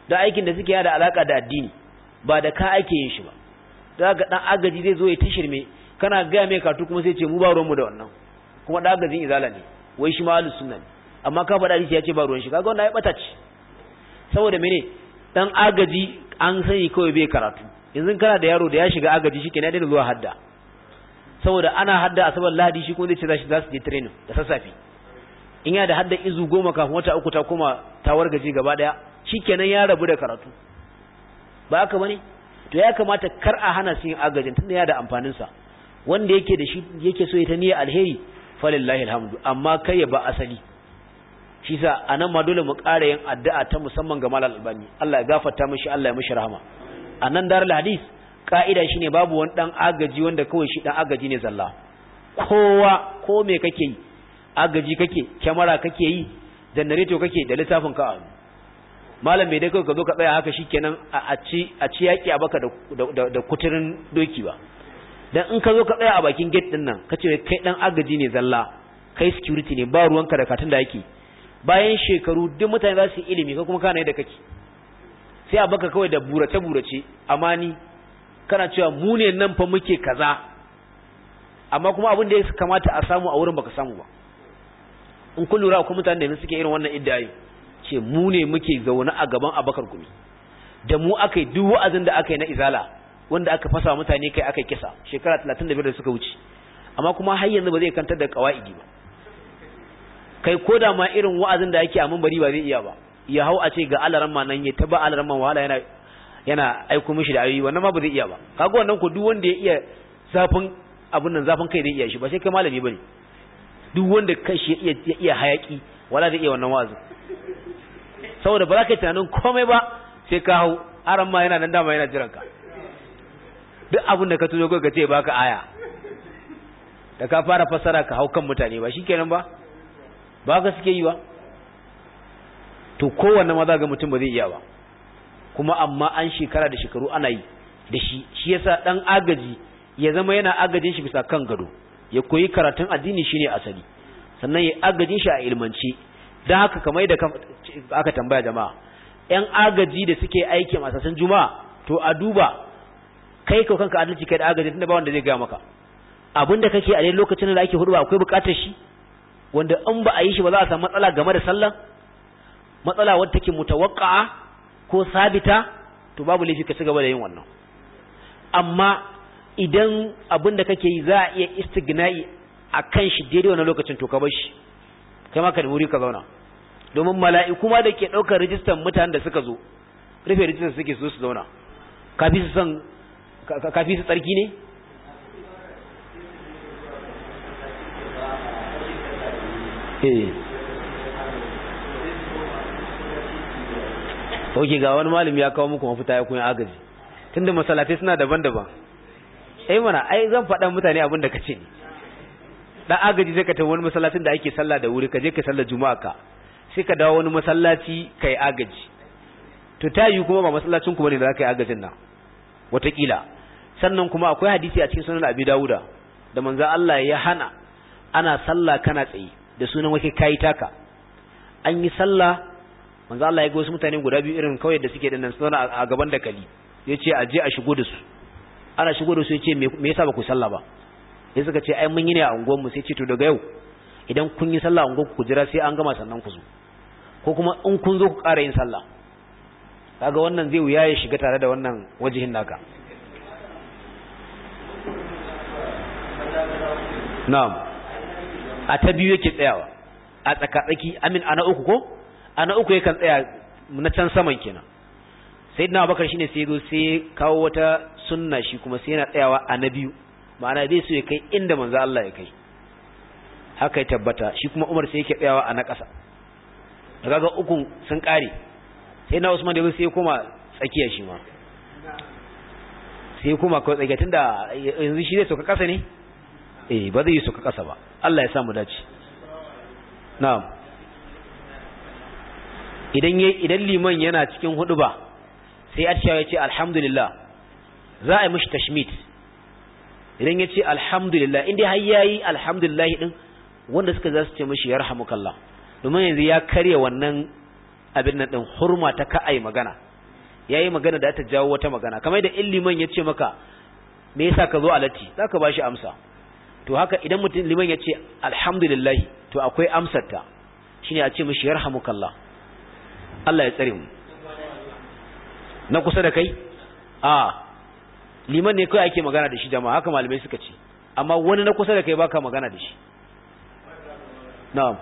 da aikin da suke yana da alaka da addini ba da ka ake yin shi ba da ga dan agaji zai zo ya tashirme kana ga mai karatu kuma sai ce mu ba mu da wannan kuma da agajin izala ne wai shi ma ahlus ne amma ka faɗa hadisi ya ce ba ruwan shi kaga wannan ya ɓata ce saboda mene dan agaji an sani kawai bai karatu yanzu kana da yaro da ya shiga agaji shi kenan da zuwa hadda saboda ana hadda a asabar lahadi shi kuma zai ce shi za su je training da sassafe in yana da hadda izu goma kafin wata uku ta koma ta wargaje gaba daya shi kenan ya rabu da karatu ba haka bane to ya kamata kar a hana su yin agajin tunda ya da amfanin sa wanda yake da shi yake so ya ta niyya alheri falillahi alhamdu amma kai ya ba asali shi sa anan ma dole mu ƙara yin addu'a ta musamman ga malal albani Allah ya gafarta mishi Allah ya mishi rahama anan darul hadis ka'ida shine babu wani dan agaji wanda kawai shi dan agaji ne zalla kowa ko me kake yi agaji kake kyamara kake yi janareto kake da lissafin ka malam bai dai kawai ka zo ka tsaya haka shikenan a ci a ci yaki a baka da da kuturin doki ba dan in ka zo ka tsaya a bakin gate din nan kace kai dan agaji ne zalla kai security ne ba ruwanka da katin da yake bayan shekaru duk mutane za su yi ilimi ko kuma kana da kake sai a baka kawai da burace burace amani kana cewa mu ne nan fa muke kaza amma kuma abin da ya kamata a samu a wurin baka samu ba in kun lura ko mutane da suke irin wannan iddayi ce mu ne muke zaune a gaban abakar gumi da mu aka yi duk wa'azin da aka yi na izala wanda aka fasa mutane kai aka kisa shekara 35 da suka wuce amma kuma har yanzu ba zai kantar da kawaidi ba kai ko da ma irin wa'azin da yake a mambari ba zai iya ba ya hau a ce ga alaran ma nan ya taba alaran ma wahala yana yana aiko mishi da ayoyi wannan ma ba zai iya ba kaga wannan ko duk wanda ya iya zafin abun nan zafin kai zai iya shi ba sai kai malami bane duk wanda kashi ya iya iya hayaki wala zai iya wannan wa'azin saboda ba za ka yi tunanin komai ba sai ka hau aran ma yana nan dama yana jiran ka duk abun da ka tuzo ka ce baka aya da ka fara fasara ka hau kan mutane ba shikenan ba ba ga suke yi ba to kowanne ma zaga ga mutum ba zai iya ba kuma amma an shekara da shekaru ana yi da shi shi yasa dan agaji ya zama yana agajin shi bisa kan gado ya koyi karatun addini shine asali sannan ya agajin shi a ilmance dan haka kamar da aka tambaya jama'a yan agaji da suke aiki a sasan juma'a to a duba kai ka kanka adalci kai da agaji tunda ba wanda zai ga maka abinda kake a lokacin da ake hudu ba akwai bukatar shi wanda in ba a yi shi ba za a samu matsala game da sallah matsala wadda take mutawaqqa'a ko sabita to babu laifi ka ci gaba da yin wannan amma idan abin da kake yi za a iya istigna'i a kan shi daidai wannan lokacin to ka bar shi kai ma ka da wuri ka zauna domin mala'iku ma da ke ɗaukar rijistar mutanen da suka zo rufe rijistar suke so su zauna kafi su san kafi su tsarki ne ok ga wani malami ya kawo muku mafita ya kuma agaji tunda masalatai suna daban-daban ai eh mana ai zan faɗa mutane abin da ka ne ɗan agaji zai ka tafi wani masallacin da ake sallah da wuri ka je ka sallar juma'a ka sai ka dawo wani masallaci yi agaji to ta yi kuma ba masallacin kuma ne da ka yi agajin nan watakila sannan kuma akwai hadisi a cikin sunan abi dawuda da manzan Allah ya hana ana sallah kana tsaye da sunan wake kai taka an yi sallah manzo Allah ya ga wasu mutane guda biyu irin kawai da suke dinnan sunan a gaban dakali yace a je a shigo da su ana shigo da su yace me yasa ba ku sallah ba sai suka ce ai mun yi ne a unguwar mu sai ce to daga yau idan kun yi sallah a unguwar ku jira sai an gama sannan ku zo ko kuma in kun zo ku ƙara yin sallah kaga wannan zai wuya ya shiga tare da wannan wajihin naka na'am a ta biyu yake tsayawa a tsakatsaki amin ana uku ko ana uku kan tsaya na can saman kenan sayyidina abubakar shine sai zo sai kawo wata sunna shi kuma sai yana tsayawa a na biyu ma'ana zai so ya kai inda manzo Allah ya kai haka ya tabbata shi kuma Umar sai yake tsayawa a na ƙasa ga ukun sun kare sai na Usman da bai sai kuma tsakiya shi ma sai kuma kawai tsakiya tunda yanzu shi zai soka ƙasa ne eh ba zai soka ƙasa ba Allah ya samu dace na'am idan liman yana cikin ba sai atishawa ya ce alhamdulillah za a yi mashi tashmit idan ya ce alhamdulillah inda har yayi alhamdulillah din wanda suka za su ce mishi yarhamukallah domin yanzu ya karya wannan abin nan din hurma ta ka ai magana yayi magana da ta jawo wata magana kamar da in liman ya ce maka me yasa ka zo alati zaka bashi amsa to haka idan mutum liman ya ce alhamdulillah to akwai amsarta shine a ce mishi yarhamukallah Allah ya tsare mu na kusa da kai a liman ne kai ake magana da shi jama'a haka malamai suka ce amma wani na kusa da kai baka magana da shi na'am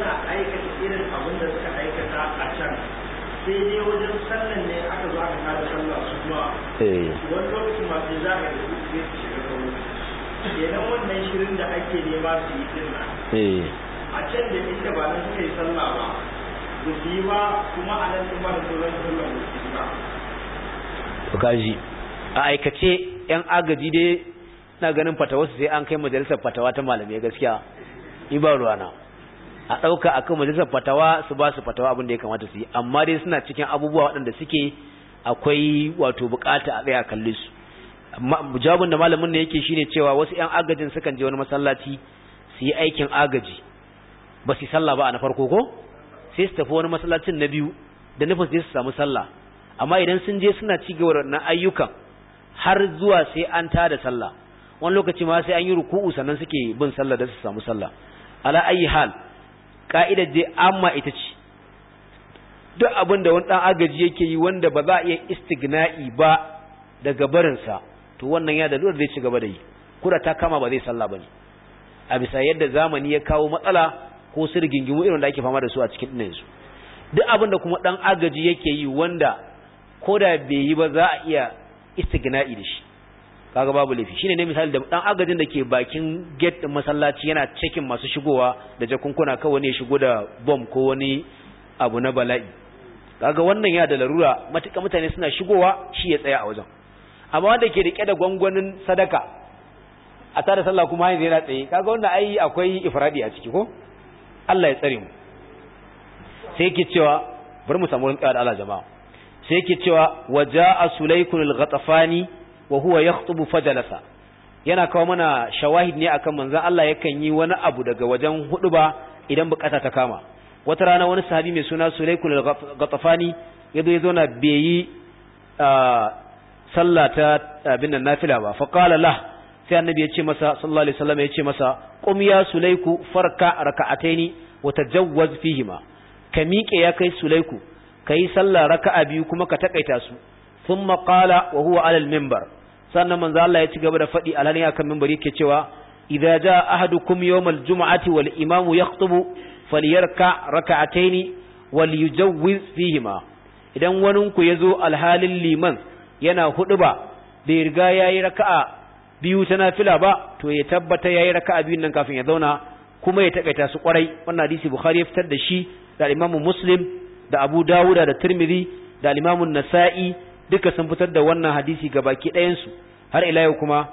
suna aikata irin abin da suka aikata a can sai dai wajen sannan ne aka zo aka kada sallah su kuma eh. wani lokacin ma sai za a yi su ke shiga kawo kenan wannan shirin da ake nema su yi din eh. a can da inda ba nan suka yi sallah ba ba su yi ba kuma a nan kuma da sauran sallah ba su yi ba. Kaji a aikace 'yan agaji dai na ganin fatawarsu sai an kai majalisar fatawa ta malamai gaskiya. Iba na a ɗauka akan majalisar fatawa su ba su fatawa abin da ya kamata su yi amma dai suna cikin abubuwa waɗanda suke akwai wato bukata a tsaya kalli su jawabin da malamin ne yake shine cewa wasu yan agajin sukan je wani masallaci su yi aikin agaji ba su sallah ba a na farko ko sai su tafi wani masallacin na biyu da nufin su su samu sallah amma idan sun je suna ci gaba da ayyukan har zuwa sai an ta da sallah wani lokaci ma sai an yi ruku'u sannan suke bin sallah da su samu sallah ala ayi hal ka'idar dai amma ita ce duk abin da wani dan agaji yake yi wanda ba za a iya istigna'i ba daga barinsa to wannan ya da lura zai ci gaba da yi kura ta kama ba zai sallah ne. a bisa yadda zamani ya kawo matsala ko su rigingimu irin da ake fama da su a cikin ɗin yanzu duk abin da kuma ɗan agaji yake yi wanda ko da bai yi ba za a iya istigna'i da shi kaga babu laifi shine ne misali da dan agajin da ke bakin gate din masallaci yana cikin masu shigowa da jakunkuna kawai ne shigo da bomb ko wani abu na bala'i kaga wannan ya da larura matuƙa mutane suna shigowa shi ya tsaya a wajen amma wanda ke rike da gwangwanin sadaka a tare sallah kuma yanzu yana tsaye kaga wannan ai akwai ifradi a ciki ko Allah ya tsare mu sai yake cewa bari mu samu rinka da Allah jama'a sai yake cewa waja'a sulaykun ghatafani wa huwa yakhtubu fajalasa yana kawo mana shawahid ne akan manzon Allah yakan yi wani abu daga wajen hudu ba idan bukata ta kama wata rana wani sahabi mai suna Sulaykul Ghatafani yazo yazo na bayi sallah ta abin nan nafila ba fa qala sai annabi yace masa sallallahu alaihi wasallam yace masa qum ya Sulayku farka raka'ataini wa tajawwaz fihima ka miƙe ya kai Sulayku kai sallah raka'a biyu kuma ka takaita su thumma qala wa huwa sannan manzo Allah ya ci gaba da faɗi alhani akan minbari yake cewa idza jaa ahadukum yawmal jumu'ati wal imamu yakhtubu falyarka rak'ataini wal yujawwiz fihima idan wani ku yazo alhalin liman yana huduba bai riga yayi raka'a biyu ta nafila ba to ya tabbata yayi raka'a biyun nan kafin ya zauna kuma ya takaita su kwarai wannan hadisi bukhari ya fitar da shi da imamu muslim da abu dawuda da tirmidhi da imamu nasa'i duka sun fitar da wannan hadisi ga baki ɗayansu har ila yau kuma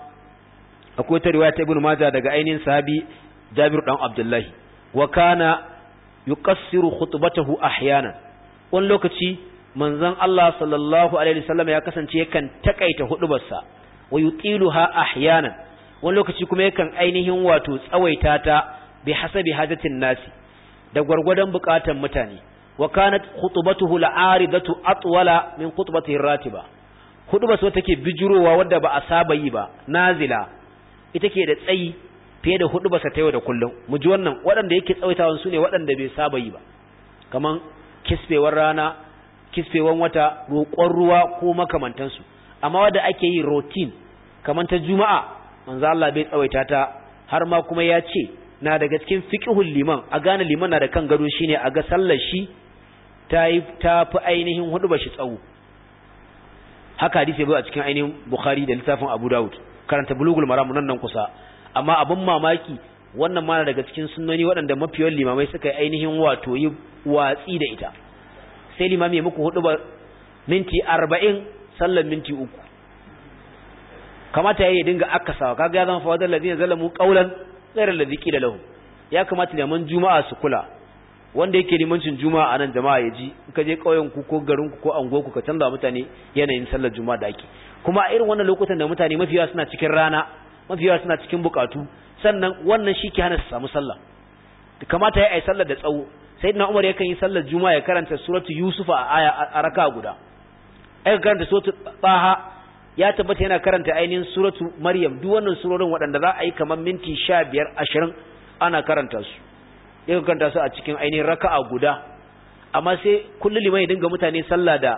akwai ta riwaya ta ibnu majah daga ainihin sahabi jabir dan abdullahi wa kana yuqassiru khutbatahu ahyana wani lokaci manzon Allah sallallahu alaihi wasallam ya kasance yakan takaita hudubarsa wa yutiluha ahyana wani lokaci kuma yakan ainihin wato tsawaita ta bi hasabi hajatin nasi da gwargwadon bukatan mutane wa kanat khutbatuhu al'aridatu atwala min khutbatihi ratiba khutbar so take bijirowa wadda ba a saba yi ba nazila ita ke da tsayi fiye da hudubar sa ta yau da kullum mu ji wannan waɗanda yake tsawaitawa su ne waɗanda bai saba yi ba kaman kisfewar rana kisfewan wata roƙon ruwa ko makamantansu amma wadda ake yi routine kaman ta juma'a manzo Allah bai tsawaita ta har ma kuma ya ce na daga cikin fiqhul liman a gane liman na da kan gado shine a ga sallar shi ta ta fi ainihin hudu ba shi tsawo haka hadisi bai a cikin ainihin bukhari da littafin abu dawud karanta bulugul maram nan nan kusa amma abin mamaki wannan mana daga cikin sunnoni waɗanda mafiyar limamai suka yi ainihin wato yi watsi da ita sai limami ya muku hudu ba minti arba'in sallan minti uku kamata ya yi dinga akasawa kaga ya zama fawadar lazina zalamu kaulan tsayar da ziki da lahu ya kamata neman juma'a su kula wanda yake limancin juma'a a nan jama'a ya ji in ka je ƙauyen ko garin ku ko anguwar ku ka canza mutane yanayin sallar juma'a da ake kuma a irin wannan lokutan da mutane mafiya suna cikin rana mafiya suna cikin bukatu sannan wannan shi ke hana su samu sallah kamata ya yi sallar da tsawo sai na umar yakan yi sallar juma'a ya karanta suratu yusufa a aya a raka guda ai karanta suratu taha ya tabbata yana karanta ainihin suratu maryam duk wannan surorin waɗanda za a yi kamar minti sha biyar ashirin ana karanta su yaka karanta su a cikin ainihin raka'a guda amma sai kullum liman dinga mutane sallah da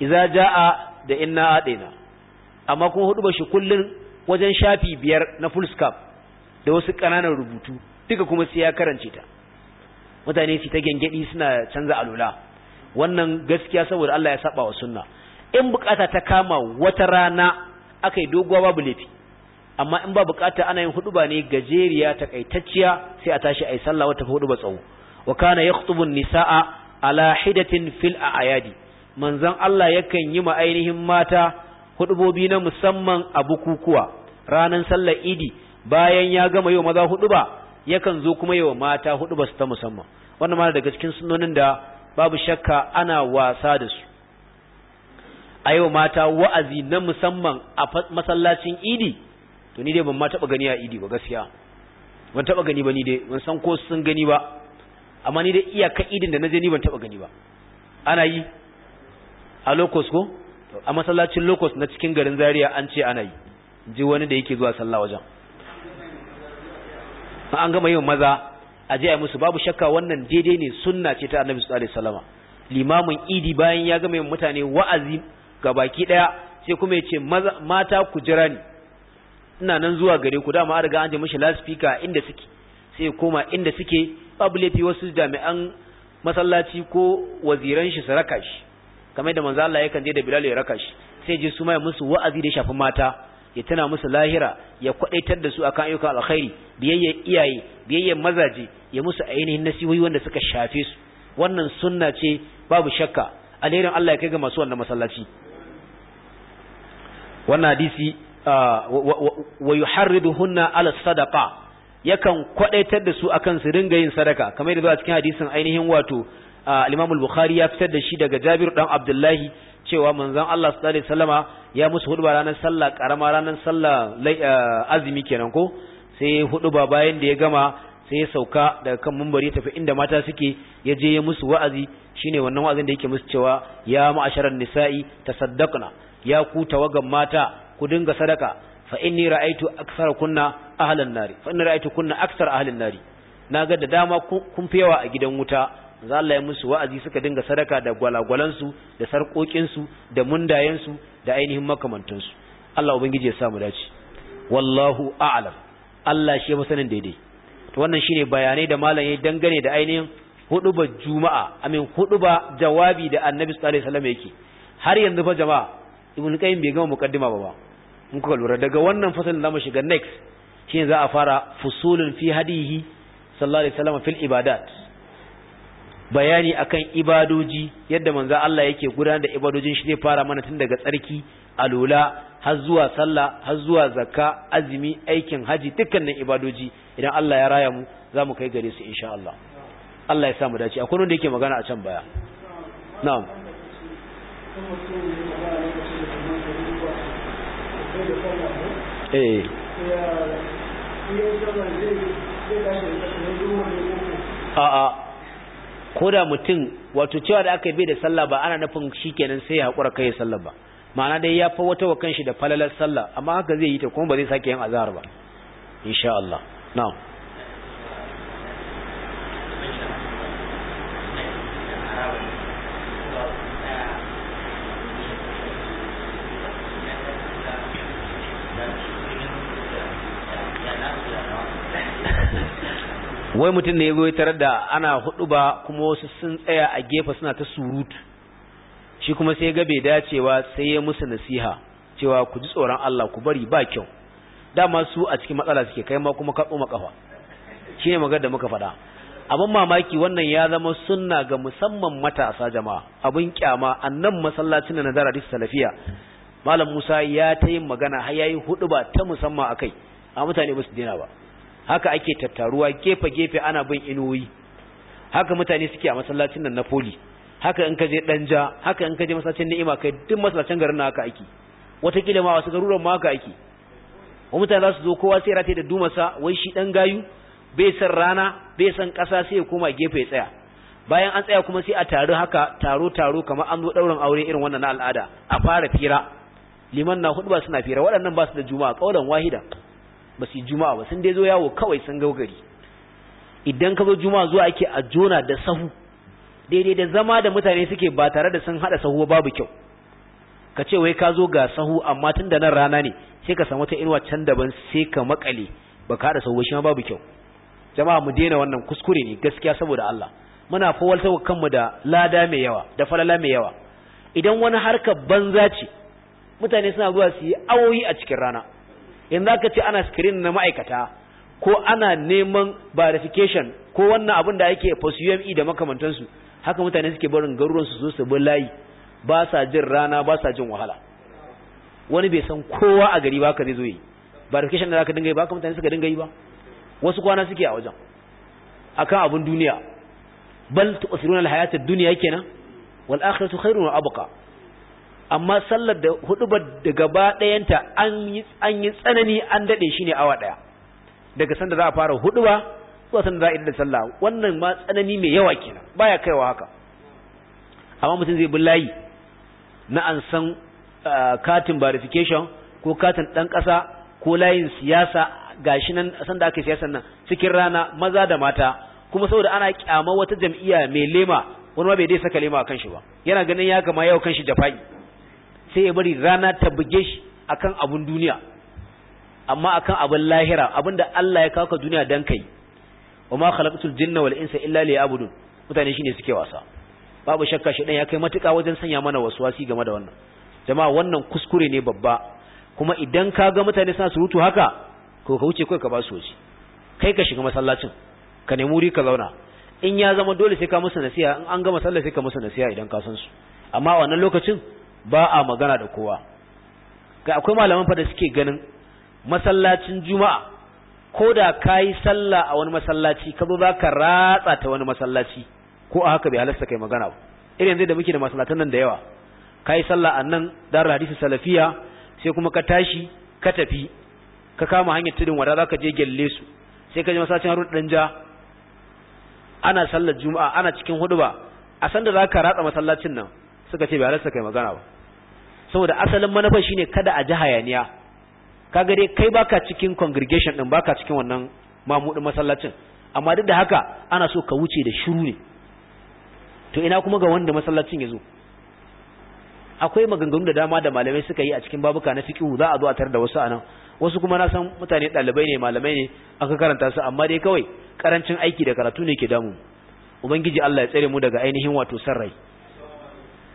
iza ja'a da inna adaina amma kuma hudu ba shi kullum wajen shafi biyar na full da wasu kananan rubutu duka kuma sai ya karance ta mutane su ta gengedi suna canza alula wannan gaskiya saboda Allah ya saba wa sunna in bukata ta kama wata rana aka yi doguwa babu laifi amma in ba bukata ana yin huduba ne gajeriya takaitacciya sai a tashi a yi sallah wata huduba tsawo wa kana yakhtubu nisaa ala hidatin fil ayadi manzan Allah yakan yi ma ainihin mata hudubobi na musamman a bukukuwa ranan sallar idi bayan ya gama yau maza huduba yakan zo kuma yau mata huduba su ta musamman wannan ma daga cikin sunnonin da babu shakka ana wasa da su a yau mata wa'azi na musamman a masallacin idi to ni dai ban ma taɓa gani a idi ba gaskiya ban taɓa gani ba ni dai ban san ko sun gani ba amma ni dai iyaka idin da na je ni ban taɓa gani ba ana yi a locos ko a masallacin locos na cikin garin zaria an ce ana yi ji wani da yake zuwa sallah wajen an gama yin maza a je a musu babu shakka wannan daidai ne sunna ce ta annabi sallallahu alaihi wasallama limamin idi bayan ya gama yin mutane wa'azi ga baki daya sai kuma ya ce mata ku jira ni ina nan zuwa gare ku dama an riga an je mishi laspika inda suke sai koma inda suke babu wasu jami'an masallaci ko waziran shi su raka shi kamar da manzo Allah yakan je da Bilal ya raka shi sai je su mai musu wa'azi da shafi mata ya tana musu lahira ya kwadaitar da su akan ayyukan alkhairi biyayya iyaye biyayya mazaje ya musu ainihin nasihoyi wanda suka shafe su wannan sunna ce babu shakka alherin Allah ya kai ga masu wannan masallaci wannan hadisi wa yuharriduhunna ala sadaqa yakan kwadaitar da su akan su ringa yin sadaka kamar yadda zuwa cikin hadisin ainihin wato al-Imam al-Bukhari ya fitar da shi daga Jabir dan Abdullahi cewa manzon Allah sallallahu alaihi wasallama ya musu hudu ranar sallah karama ranar sallah azumi kenan ko sai hudu ba bayan da ya gama sai ya sauka daga kan mumbari tafi inda mata suke ya je ya musu wa'azi shine wannan wa'azin da yake musu cewa ya ma'asharan nisa'i tasaddaqna ya ku tawagan mata ku dinga sadaka fa inni ra'aytu akthara kunna ahlan nari fa inni ra'aytu kunna akthara ahlan nari naga da dama kun fi yawa a gidan wuta za Allah ya musu wa'azi suka dinga sadaka da gwalagwalan su da sarkokin su da mundayen su da ainihin makamantan su Allah ubangiji ya sa mu dace wallahu a'lam Allah shi ya sanin daidai to wannan shine bayanai da malam ya dangane da ainihin huduba juma'a amin huduba jawabi da annabi sallallahu alaihi wasallam yake har yanzu fa jama'a ibn qayyim bai gama mukaddima ba ba Muka lura daga wannan fasalin zamu shiga next shine za a fara fusulun fi hadihi sallallahu alaihi wasallam fil ibadat bayani akan ibadoji yadda manzo Allah yake gudanar da ibadojin shi zai fara mana tun daga tsarki alula har zuwa sallah har zuwa zakka azumi aikin haji dukkanin ibadoji idan Allah ya raya mu zamu kai gare su insha Allah Allah ya sa mu dace akwai wanda yake magana a can baya na'am Eh. a'a ko da mutum wato cewa da aka yi da sallah ba ana nufin shikenan sai ya haƙura kai sallah ba ma'ana dai ya fa wata wa kanshi da falalar sallah amma haka zai yi ta kuma ba zai sake yin azhar ba insha Allah na'am wai mutum ne ya zo tarar da ana hudu ba kuma wasu sun tsaya a gefe suna ta surutu shi kuma sai ga bai dacewa sai ya musu nasiha cewa ku ji tsoron Allah ku bari ba kyau dama su a cikin matsala suke kai ma kuma ka tsoma kafa shine magar da muka faɗa abin mamaki wannan ya zama sunna ga musamman matasa jama'a abin kyama annan masallacin na nazara da salafiya malam Musa ya ta yin magana har yayi hudu ba ta musamman akai a mutane ba su dina ba haka ake tattaruwa gefe gefe ana bin inuwi haka mutane suke a masallacin nan na poli haka in ka je danja haka in ka je masallacin ni'ima kai duk masallacin garin na haka ake watakila ma wasu garuruwan ma haka ake wa mutane za su zo kowa sai rataye da dumasa wai shi dan gayu bai san rana bai san kasa sai ya koma gefe ya tsaya bayan an tsaya kuma sai a taru haka taro taro kamar an zo aure irin wannan na al'ada a fara fira liman na hudu ba suna fira waɗannan ba su da juma'a ƙaunar wahida ba su yi juma'a ba sun dai zo yawo kawai sun gaugari idan ka zo juma'a zuwa ake a jona da sahu daidai da zama da mutane suke ba tare da sun hada sahu babu kyau ka ce wai ka zo ga sahu amma tun da nan rana ne sai ka samu ta inuwa can daban sai ka makale ka hada sahu shi ma babu kyau jama'a mu daina wannan kuskure ne gaskiya saboda Allah muna fawalta kanmu da lada mai yawa da falala mai yawa idan wani harkar banza ce mutane suna zuwa su yi awoyi a cikin rana in za ka ce ana screen na ma'aikata ko ana neman verification ko wannan abin da yake post-UME da makamantansu haka mutane suke barin garuruwansu su su bi layi ba sa jin rana ba sa jin wahala wani bai san kowa a gari ba ka zai zo yi verification da za ka dinga yi ba ka mutane suka dinga yi ba wasu kwana suke a wajen akan abin duniya bal tu'siruna al duniya ad-dunya kenan wal akhiratu khairun wa abqa amma sallar da hudubar da gaba ɗayanta an yi tsanani an daɗe shi ne awa ɗaya. daga sanda za a fara huduba zuwa sanda za a da sallah wannan ma tsanani mai yawa kenan baya kaiwa haka amma mutum zai bi layi na an san katin verification ko katin ɗan ƙasa ko layin siyasa gashi nan sanda aka siyasan nan cikin rana maza da mata kuma saboda ana kyama wata jam'iyya mai lema wani ma bai dai saka lema a kan shi ba yana ganin ya gama yau shi jafa'i sai ya bari rana ta buge shi akan abun duniya amma akan abun lahira abinda Allah ya kawo ka duniya dan kai wama khalaqtul jinna wal insa illa liya'budun mutane shine suke wasa babu shakka shi dan ya kai matuka wajen sanya mana waswasi game da wannan jama'a wannan kuskure ne babba kuma idan ka ga mutane suna surutu haka ko ka wuce kai ka ba su waje kai ka shiga masallacin ka nemi wuri ka zauna in ya zama dole sai ka musu nasiha in an gama sallah sai ka musu nasiha idan ka san su amma wannan lokacin ba a magana da kowa ga akwai malaman fa da suke ganin masallacin juma'a ko da kayi sallah a wani masallaci ka ba ka ratsa ta wani masallaci ko a haka bai halasta kai magana ba irin yanzu da muke da masallatan nan da yawa yi sallah a nan darul hadisi salafiya sai kuma ka tashi ka tafi ka kama hanyar tudun wada zaka je gyalle su sai ka je masallacin Harun ja ana sallar juma'a ana cikin huduba a san da zaka ratsa masallacin nan suka ce bai halarsa kai magana ba saboda asalin manufar shine kada a ji hayaniya kaga dai kai baka cikin congregation din baka cikin wannan mamudin masallacin amma duk da haka ana so ka wuce da shiru ne to ina kuma ga wanda masallacin ya zo akwai maganganu da dama da malamai suka yi a cikin babuka na fiqhu za a zo a tar da wasu anan wasu kuma na san mutane dalibai ne malamai ne aka karanta su amma dai kawai karancin aiki da karatu ne ke damu ubangiji Allah ya tsare mu daga ainihin wato sarrai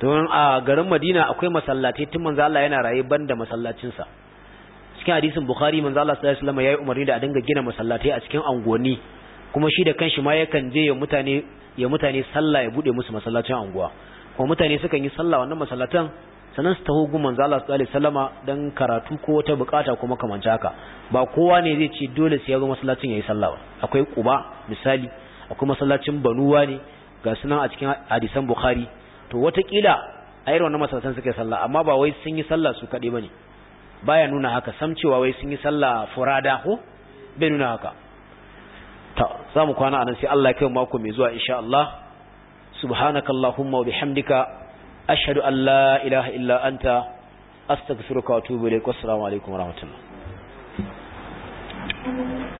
to a garin madina akwai masallatai tun manzo Allah yana raye banda masallacinsa cikin hadisin bukhari manzo Allah sallallahu alaihi wasallam yayi umarni da a dinga gina masallatai a cikin angoni kuma shi da kanshi ma yakan je ya mutane ya mutane sallah ya bude musu masallacin anguwa kuma mutane sukan yi sallah wannan masallatan sannan su taho gun manzo Allah sallallahu alaihi wasallama dan karatu ko wata bukata kuma kamar haka ba kowa ne zai ce dole sai ya zo masallacin yayi sallah akwai quba misali akwai masallacin banuwa ne ga sunan a cikin hadisan bukhari to watakila a irin wannan masallatan suka yi sallah amma ba wai sun yi sallah su kaɗai bane baya nuna haka sam cewa wai sun yi sallah furada ko bai nuna haka ta za mu kwana anan sai Allah ya kai mako mai zuwa insha Allah Allahumma wa bihamdika ashhadu an la ilaha illa anta astaghfiruka wa atubu ilaik assalamu alaikum wa rahmatullah